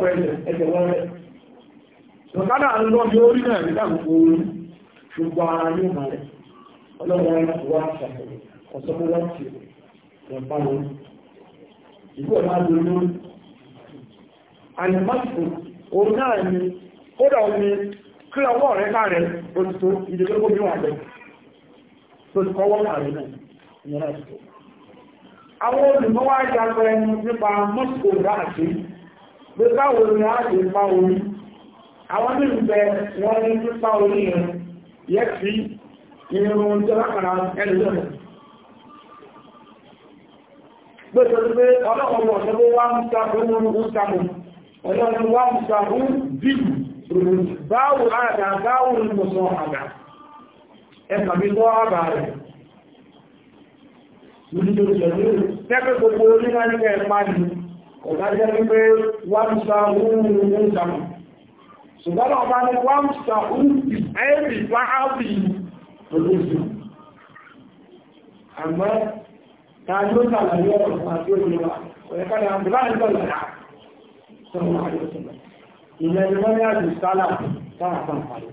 pẹ̀lẹ̀ orí náà orí gbogbo ara yóò máa rẹ̀ ọlọ́run wá ṣàkóso ọ̀sọ́mọ́ wá ti rẹ̀ bá ìlú ẹ̀ máa lórí lórí náà ni kí ọwọ́ rẹ̀ rẹ̀ ìdílógún tó ti kọwọ́ náà rẹ̀ náà ìyẹn láti àwọn a bẹ wọ́n ní orí ẹ̀rùn yẹ́kì irun tó lákàrà ẹlùlọ́nà gbẹ́sọ̀rọ̀ pé ọlọ́pọ̀lọ́ ọ̀sọ́gbọ́ wá ń sa ohun ohun samu ọlọ́run wá ń sa ohun bí báwò àdá báwò mọ̀sán àdá ẹ̀kàbí tó ṣùgbọ́n ọba ní wọ́n ṣàúrùbí ẹ̀rì wá ábì olóṣù àmọ́ ta ló sàlàyé ọ̀rọ̀ àti olùwà ọ̀yẹ́kọ́lẹ̀ àbúráàlì lọ́lọ́lá sọ́rọ̀ àjọsọ̀lá ilẹ̀ ìwọ́n ní àjò sálà sáàpàá pàdé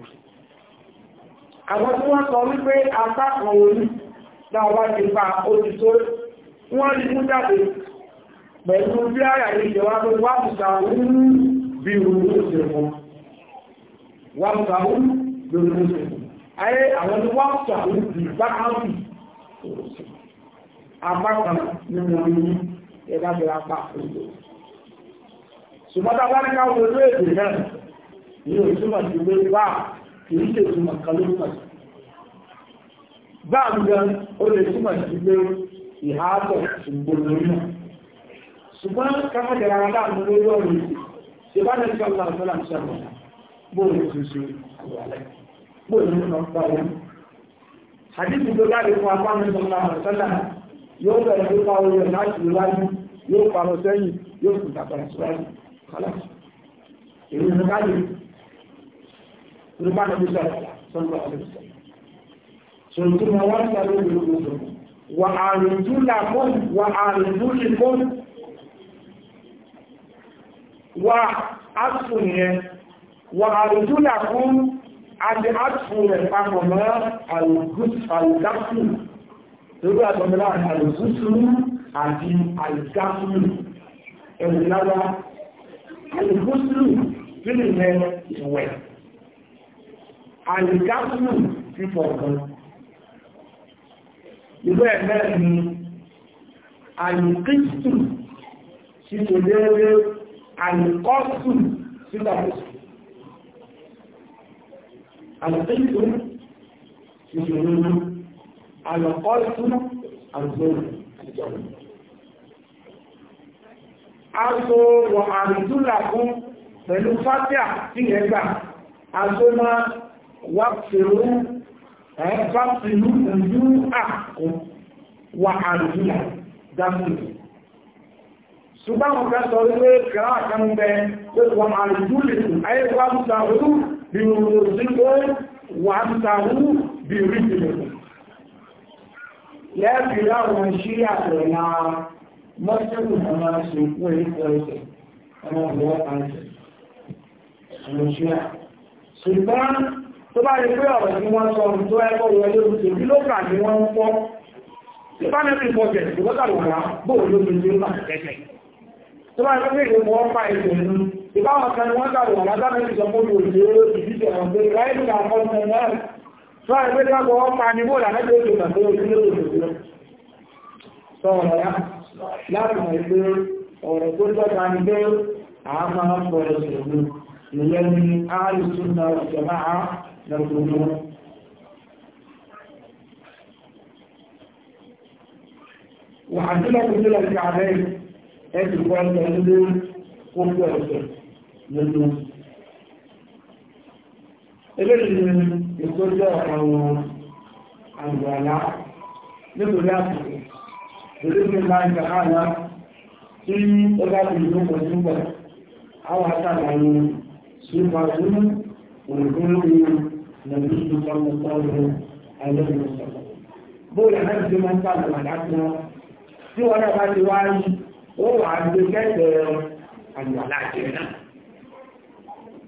àwọn tí wọ́n sọ wípé apá kan orí dáwà ti pa òtítọ́ wọ́n rí mú jáde pẹ̀lú bí àyà ìjọba tó wá bùkà orí bí òun ló ṣe fún wọ́n sàrú lórí oṣù ayé àwọn ni wọ́n sàrú di bákàtì oṣù apákan nínú orí ẹgbẹ́ àgbẹ̀rẹ̀ apá oṣù ṣùgbọ́n tá bá ní káwọn olú èdè náà ní òṣùmọ̀ sí pé bá kì í ṣe ìtumọ̀ kan ló mọ̀ sí bá ń gan ó lè túmọ̀ sí pé ìhàátọ̀ ìgbòmò náà ṣùgbọ́n káfẹ́ jẹ́ra dáàmú lórí ọ̀rọ̀ ìṣèbánẹ́sọ̀lá ọ̀sọ́lá ìṣẹ́lẹ̀ bóòlù ṣoṣo bóòlù ọmọ pàdé àdíjù tó láti fún apámẹ́sọ́lá àrùsọ́lá yóò bẹ̀rẹ̀ tó pa orí ẹ̀ láti iwájú yóò parọ́ sẹ́yìn yóò kọ́lá èyí ni rúbá nàbí wà wà àrùjú làkún àti àtùfù rẹ̀ papọ̀ mọ́ àrùgáfù lórí àtọ̀mọ́lá àrùgúsù àti àrùgáfù ẹ̀rù lára àrùgúsù nínú ilẹ̀ ìwẹ̀ àrùgáfù fífọ̀ kan ìwé ẹ̀mẹ́ ni àrùgísù sí tòlẹ́rẹ́ àrùkọ́sù sí tàbí àlùkẹ́yìntún ìṣòro àlùkọ́ìtún àlùkọ́ìtún àlùkọ́ìtún aṣọ wọ àrùdúlà fún pẹ̀lú fátíà tí ẹgbà aṣọ máa wà pẹ̀lú ẹ̀fà pẹ̀lú ìlú àkọ́ wà àrùdúlà dámúlù ṣùgbọ́n ọ̀gá sọ wípé kìrá àkànbẹ̀ wọ́n àrùdúlà bí mo lò sí pé wà ń tàwú bí rí ìpìlẹ̀ lẹ́ẹ̀kì láwọn ṣí àtẹ̀lá mọ́sílù ọmọ ṣe fún ẹ̀kọ́ ẹ̀sẹ̀ ọmọ ọ̀rọ̀ àti ọmọ ṣí à ṣùgbọ́n tó bá rí pé ọ̀rọ̀ tí wọ́n sọ tó ẹ̀kọ́ wọlé oṣù bí ló kà ní wọ́n ń bá nẹ́bí tí bá tẹ́tẹ̀ tó pa ìṣòro ìbáwọn kan wọ́n kàrò àlágbàmẹ́ ti sọ mọ́lù òjò ìdíje àwọn pé ráìlú na ọmọ náà fún àìgbé lágbọ́ wọ́n pa ní mọ́lù àmẹ́jọ́ òjò nà pé ojúlé òjò sọ̀rọ̀ ya láti mọ̀ pé ọ̀rọ̀ tó tọ́ta ni pé àmà ọ̀rọ̀ òjò ìyẹn ni alùsùn na òjò máa nà òjò وعندنا كلنا الكعبين هذه الكوالة اللي هو الكوالة lọ́dún eléyìí ètò jẹ́ àwọn àgbàlá nítorí àtìkò ìrìnlẹ̀ láìka àlá tí ó bá ti lè mọ̀ sípọ̀ àwọn àtàlàyé sípa ìlú òǹkúrú nàbí ìsọmọ̀sọ́rọ̀ àìlẹ́gbẹ̀sọ̀rọ̀ bóyá náà ti máa ń pàdàmà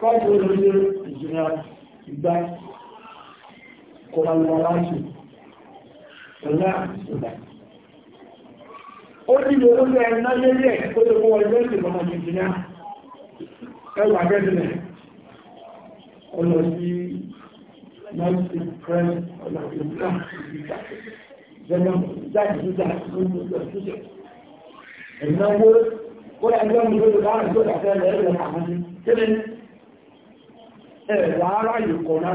kọ́jú orílẹ̀ ìjìnà ìgbà kọmọlọ́láṣì ọ̀lá ìgbà ó nílò oúnjẹ ẹ̀nà lẹ́lẹ́ tó lè fún ọjọ́ ìsìnkọmọ ìjìnà ẹwà gẹ́gẹ́lẹ̀ ọlọ́ sí nọ́ọ̀sì press ọ̀nà ìgbà ìgbà jẹ́ ẹ̀wà ara ìkọ̀ náà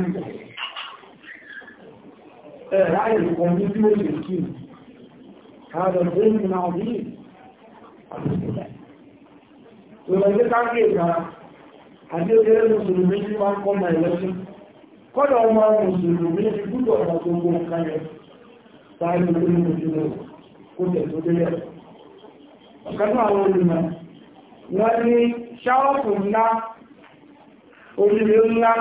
ẹ̀rá ìkọ̀ ní bí ó lè kí ní náà kọ́dọ̀ ọmọ mùsùlùmí ti gúdọ̀ ọmọ tó orí mùsùlùmí kó tẹ̀ tó délẹ̀ àwọn olùmọ̀ wọ́n ṣáwọ́pù ńlá oríire ńlá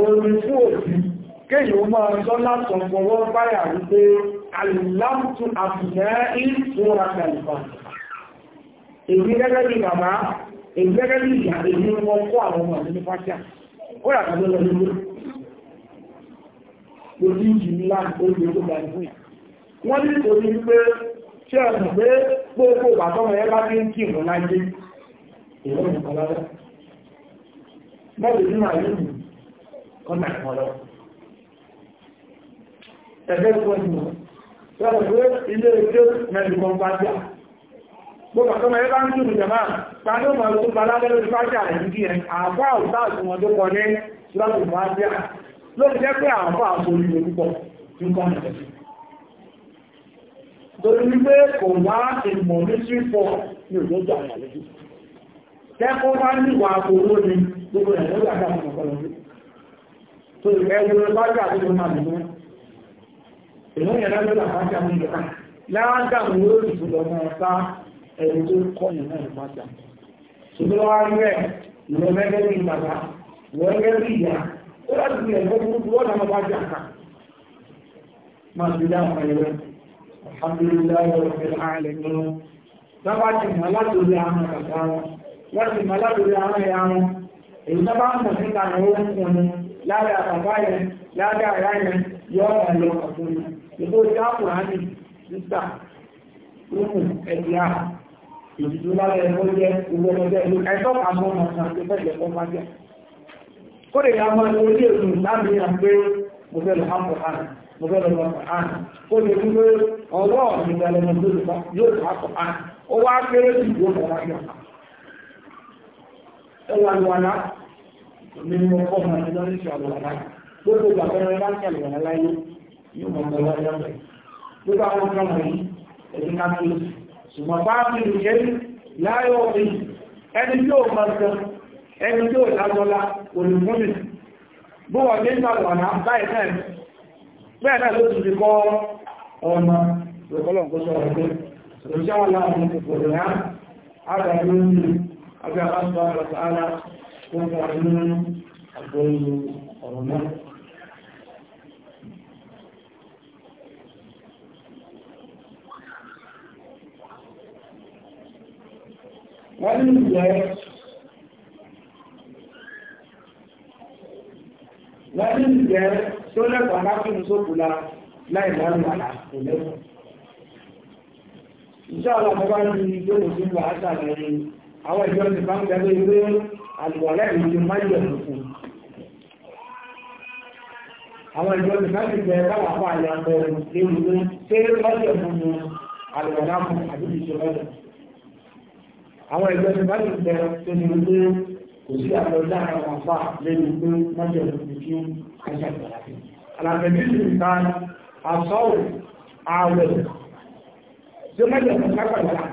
orin fún òsì kéyìn ó máa sọ látọ̀ fọwọ́ báyà wípé alìláàmùtù àfihàn ìfúnra kàlùfà èyí gẹ́gẹ́ bí bàbá èyí gẹ́gẹ́ bí ìyá èyí wọn kọ́ àwọn ọmọ àti ó yà kàdé lọ nílé bọ́ọ̀lù nínú àyè mi kọ́nà kan lọ. Ẹgbẹ́ ìkọ́ ni mo sọ̀rọ̀ pé ilé ẹgbẹ́ mẹ́rin bá jà. Gbogbo àtọ́mọ ẹgbẹ́ ń dùn jẹ̀má, pàdé ọmọ ọdún bá lábẹ́ lórí fájà ìdí ẹ̀, àbá ọ̀tá àtúnwọ̀n tó kọ ní Sùlọ́pù Fájà. Lóòrùn jẹ́ pé àbá àforí lè púpọ̀ tí ń Torí wípé kò wá ìmọ̀ ní sí fọ́ ní òjò jà àyàlejò. Tẹ́kọ́ bá níwà àkóró ni gbogbo ẹ̀ lọ́gbà àgbà mọ̀ ọmọ ọ̀sá ẹni tó kọ́ yẹn náà ṣùgbọ́n wá rí ẹ̀ ìwọ gẹ́gẹ́ bí bàbá ìwọ bí ìyá ó láti fi ẹ̀gbẹ́ burúkú wọ́n náà bá gbà máa ti mọ̀ aládùúgbò àwọn bàbá wọn wọ́n ti mọ̀ aládùúgbò èyí tó bá ń pọ̀ síta ní ó ń kun ni lára àbàbá yẹn lára àrá yẹn yọ ọ̀rọ̀ lọ ọ̀tún ni ìbò tí a kùrá ní nígbà lóhùn ẹ̀dì à ìdìdó lára ẹ̀kọ́ jẹ́ gbogbo ọmọdé ìlú ẹ̀tọ́ àmọ́ ọmọ kan tó fẹ́ lẹ́kọ́ bá jẹ́ kódè ya mọ́ ní orí èdè láti yàn pé mo fẹ́ lọ hàpọ̀ mo fẹ́ lọ lọ hàn ó lè wípé ọ̀rọ̀ ìgbàlẹ̀ mọ́ yóò hàpọ̀ hàn ẹwà lọ́la ní mo kọ́ máa ní lọ́rí ṣe àlọ́la gbogbo gbàgbọ́n bá ń ṣe àlọ́la láyé yóò mọ̀ ọ́ lọ́wọ́ lọ́wọ́ gbogbo àwọn ọmọ ọmọ yìí ẹ̀sìn ká tó ṣùgbọ́n bá mi lè yẹ láyọ̀ mi ẹni yóò máa sọ ẹni yóò lágbọ́lá olùmúnì bó wọ́n ní ìgbàlọ́la báyìí náà bẹ́ẹ̀ náà ló ti fi kọ́ ọmọ ìrọ̀kọ́lọ̀ àbí àbáṣọ́ àrọ̀sọ̀ ara tó ń bọ̀ nínú àgbóyìn ọ̀rọ̀ náà wọ́n ní ìjẹ́ wọ́n ní ìjẹ́ tó lẹ́kọ̀ọ́ alákùnrin sókùnlá láì ìṣẹ́ ọlọ́pàá bá ní ìgbóhùn sí àṣà lẹ́yìn àwọn ìjọ ti bá ń gbẹ́gbẹ́ ilé àlùwàlá ìlú ti máa yẹ̀ tuntun àwọn ìjọ ti bá ti bẹ̀rẹ̀ báwà fún àyà ọ̀rọ̀ ewu ló ṣe lọ́jọ́ fún mi àlùwàlá fún àbí ìṣe lọ́jọ́ àwọn ìjọ ti bá ti bẹ̀rẹ̀ tó ní ilé kò sí àlọ́ dáhà fà lẹ́nu pé mọ́jọ́ tuntun kí tí ó mẹ́jọ̀ fún kápẹ̀lá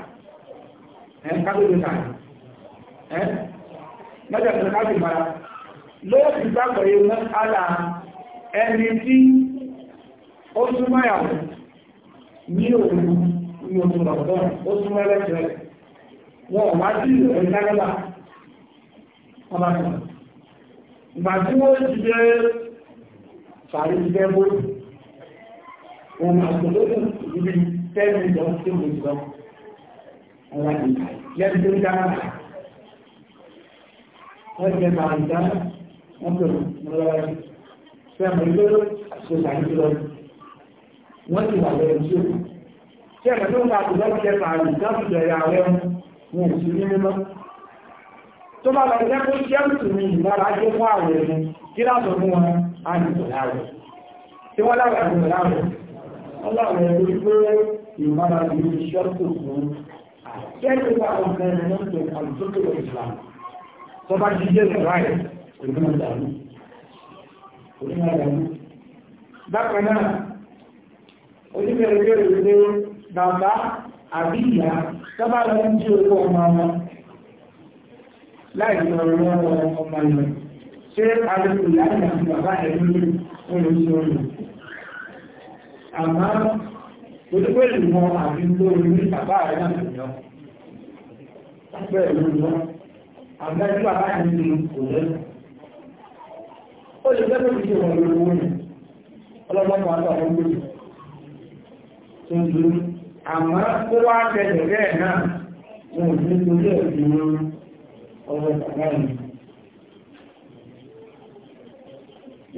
ẹ̀ kápẹ̀lá mẹ́jọ̀ tó káàkiri mara lóòsì gbàgbọ́ yìí mọ́ àlà ẹni tí ó súnmọ́ ìyàwó ní òun ní oṣù rọ̀gbọ́n ó súnmọ́ ẹlẹ́sìrẹ́lẹ̀ wọn ò wá sí ìròyìn lágbàlá ọba kan ìgbà tí wọ́n ti jẹ́ sàárì ti jẹ́ bó òun àtòlókù ibi tẹ́lẹ̀ ìjọ tí mo dára wọ́n máa ń dá wọ́n tó ń tó bá lọ jẹ́ kó jẹ́ mùsùlùmí ìlara jẹ́ fún ààrẹ ni kí láti mú wọn á ní ìtọ̀láwẹ̀. tí wọ́n láwẹ̀ àti ìtọ̀láwẹ̀ wọ́n láwẹ̀ orí pé ìmọ̀ràn ìlú iṣẹ́ tó kù. kẹ́ẹ̀kẹ́ tó bá ti jẹ́ ìráyè onímọ̀ ìdàlú bákan náà onímọ̀ ìbéèrè wípé bàbá àbí ìyá tó bá lọ sí orúkọ ọmọ ọmọ láì lọ rọ ọmọ ìlú ṣé alẹ́kùn ìyá ìyá àti bàbá ẹ̀mí olóṣèlú àmọ́ olùgbé ìmọ̀ àbí lórí bàbá rẹ̀ náà àgbájú àbáyé ní kò lẹ́nu ó lè fẹ́ lórí ṣe wọ̀n lórí wọ́n ọlọ́gbọ́n àti àwọn olóògbé tó ń dúró àmọ́ ó wá tẹ̀lẹ̀ bẹ́ẹ̀ náà wọn ò ní torí ẹ̀ fi wọ́n ọwọ́ bàbá mi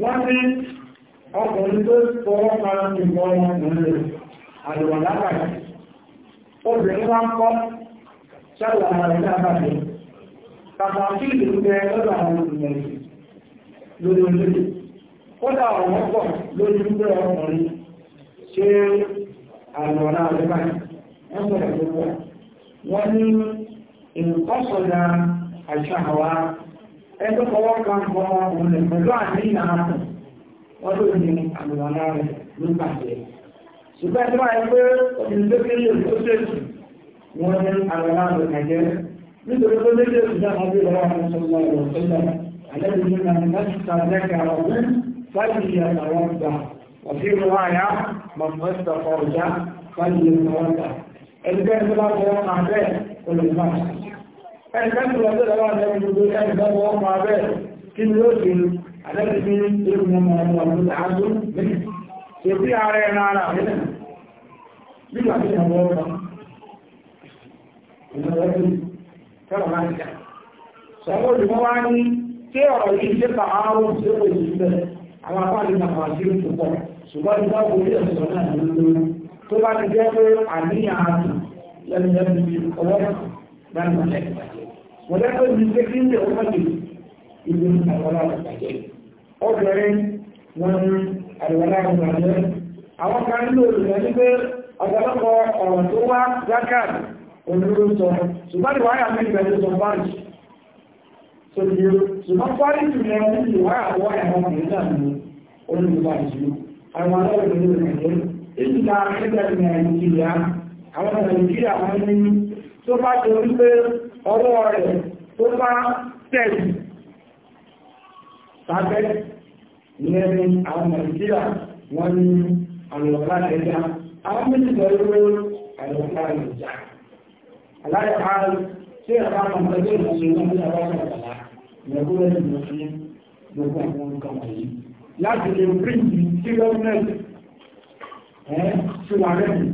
wọ́n ní ọkùnrin tó fọwọ́ kan ìbọn ọmọkùnrin rẹ̀ àlùwàlá obìnrin wá ń kọ́ sẹ́wọ̀n àwọn ẹ̀dá bàjẹ́ tàbí ìgbẹ̀ lọ́dọ̀ àwọn ìrìnàjò lórí olóògbé kódà àwọn ọ̀pọ̀ lórí gbígbé ọkùnrin ṣe àlọ́ra àlọ́bà wọ́n sọ̀rọ̀ tó pọ̀ wọ́n ní ìkọ́sọ̀dá àṣàwà ẹgbẹ́ fọwọ́ kan kọ nítorí pé méjèèjì náà wọ́n bí lọ́wọ́ àwọn sọ́lọ́ ọ̀rọ̀ sọ́lọ́ àlẹ́bí nínú mẹ́ta lẹ́ka ọ̀gbẹ́ fáìlì àwọn ọ̀gbà ọ̀fí ìrọ̀wá àyá mọ̀mọ́sọ̀ ọ̀já fáìlì àwọn ọ̀gbà ẹgbẹ́ tó bá fọwọ́ máa bẹ́ẹ̀ olùmọ̀ ẹgbẹ́ tó lọ sí lọ́wọ́ àlẹ́bí gbogbo ẹgbẹ́ fọwọ́ máa bẹ́ẹ̀ kí ni ó sì àlẹ́bí ní irú mọ́ ọmọ ọdún àádọ́ ṣèbí ààrẹ ẹran ara rẹ̀ nígbà tí wọ́n wọ́n tọ́rọ máa ń jà sọ́wọ́ olùmọ́ wá ní tí ọ̀rọ̀ yìí ṣe pàárọ̀ sí òwe yìí bẹ̀rẹ̀ àwọn apáàlì náà wà sí oṣù pọ̀ ṣùgbọ́n ní bá wo ilé ọ̀sán náà ló lórí tó bá ti jẹ́ pé àníyàn àtù lẹ́nu lẹ́nu bí ọwọ́ dánù lẹ́ mo lẹ́kọ̀ọ́ ní pé kí ní ọmọ yìí ìlú àwọlá àgbàjẹ́ obìnrin ọ̀rọ̀ tó wá zakat olóró sọ ṣùgbọ́n ìwáyà ní ìbẹ̀rẹ̀ sọ fáàrí sóbìyẹ ṣùgbọ́n fáàrí tù ní ẹni ìwáyà wáyà wọn kìí náà ní olùgbà ìṣúná àwọn aláwọ̀ ìlú ìrìnàjò èyí ta ẹgbẹ́ ní على أي حال شيء كان مقدر المسلمين في أواسط الصلاة يقول المسلم يقوم كمالي لكن يبرين في يوم شو عملنا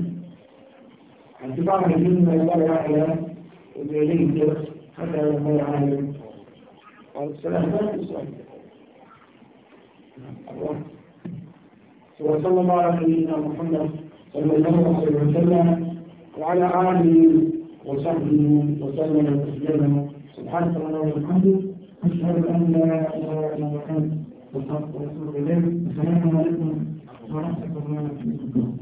انتفاع الدين من الله يعلم وبيلين حتى لما يعلم والسلام عليكم وصلى الله على نبينا محمد صلى الله عليه وسلم وعلى اله وصحبه وسلم تسليما سبحانك اللهم وبحمدك أشهد أن لا إله إلا أنت أستغفرك رسول الله السلام عليكم ورحمة الله وبركاته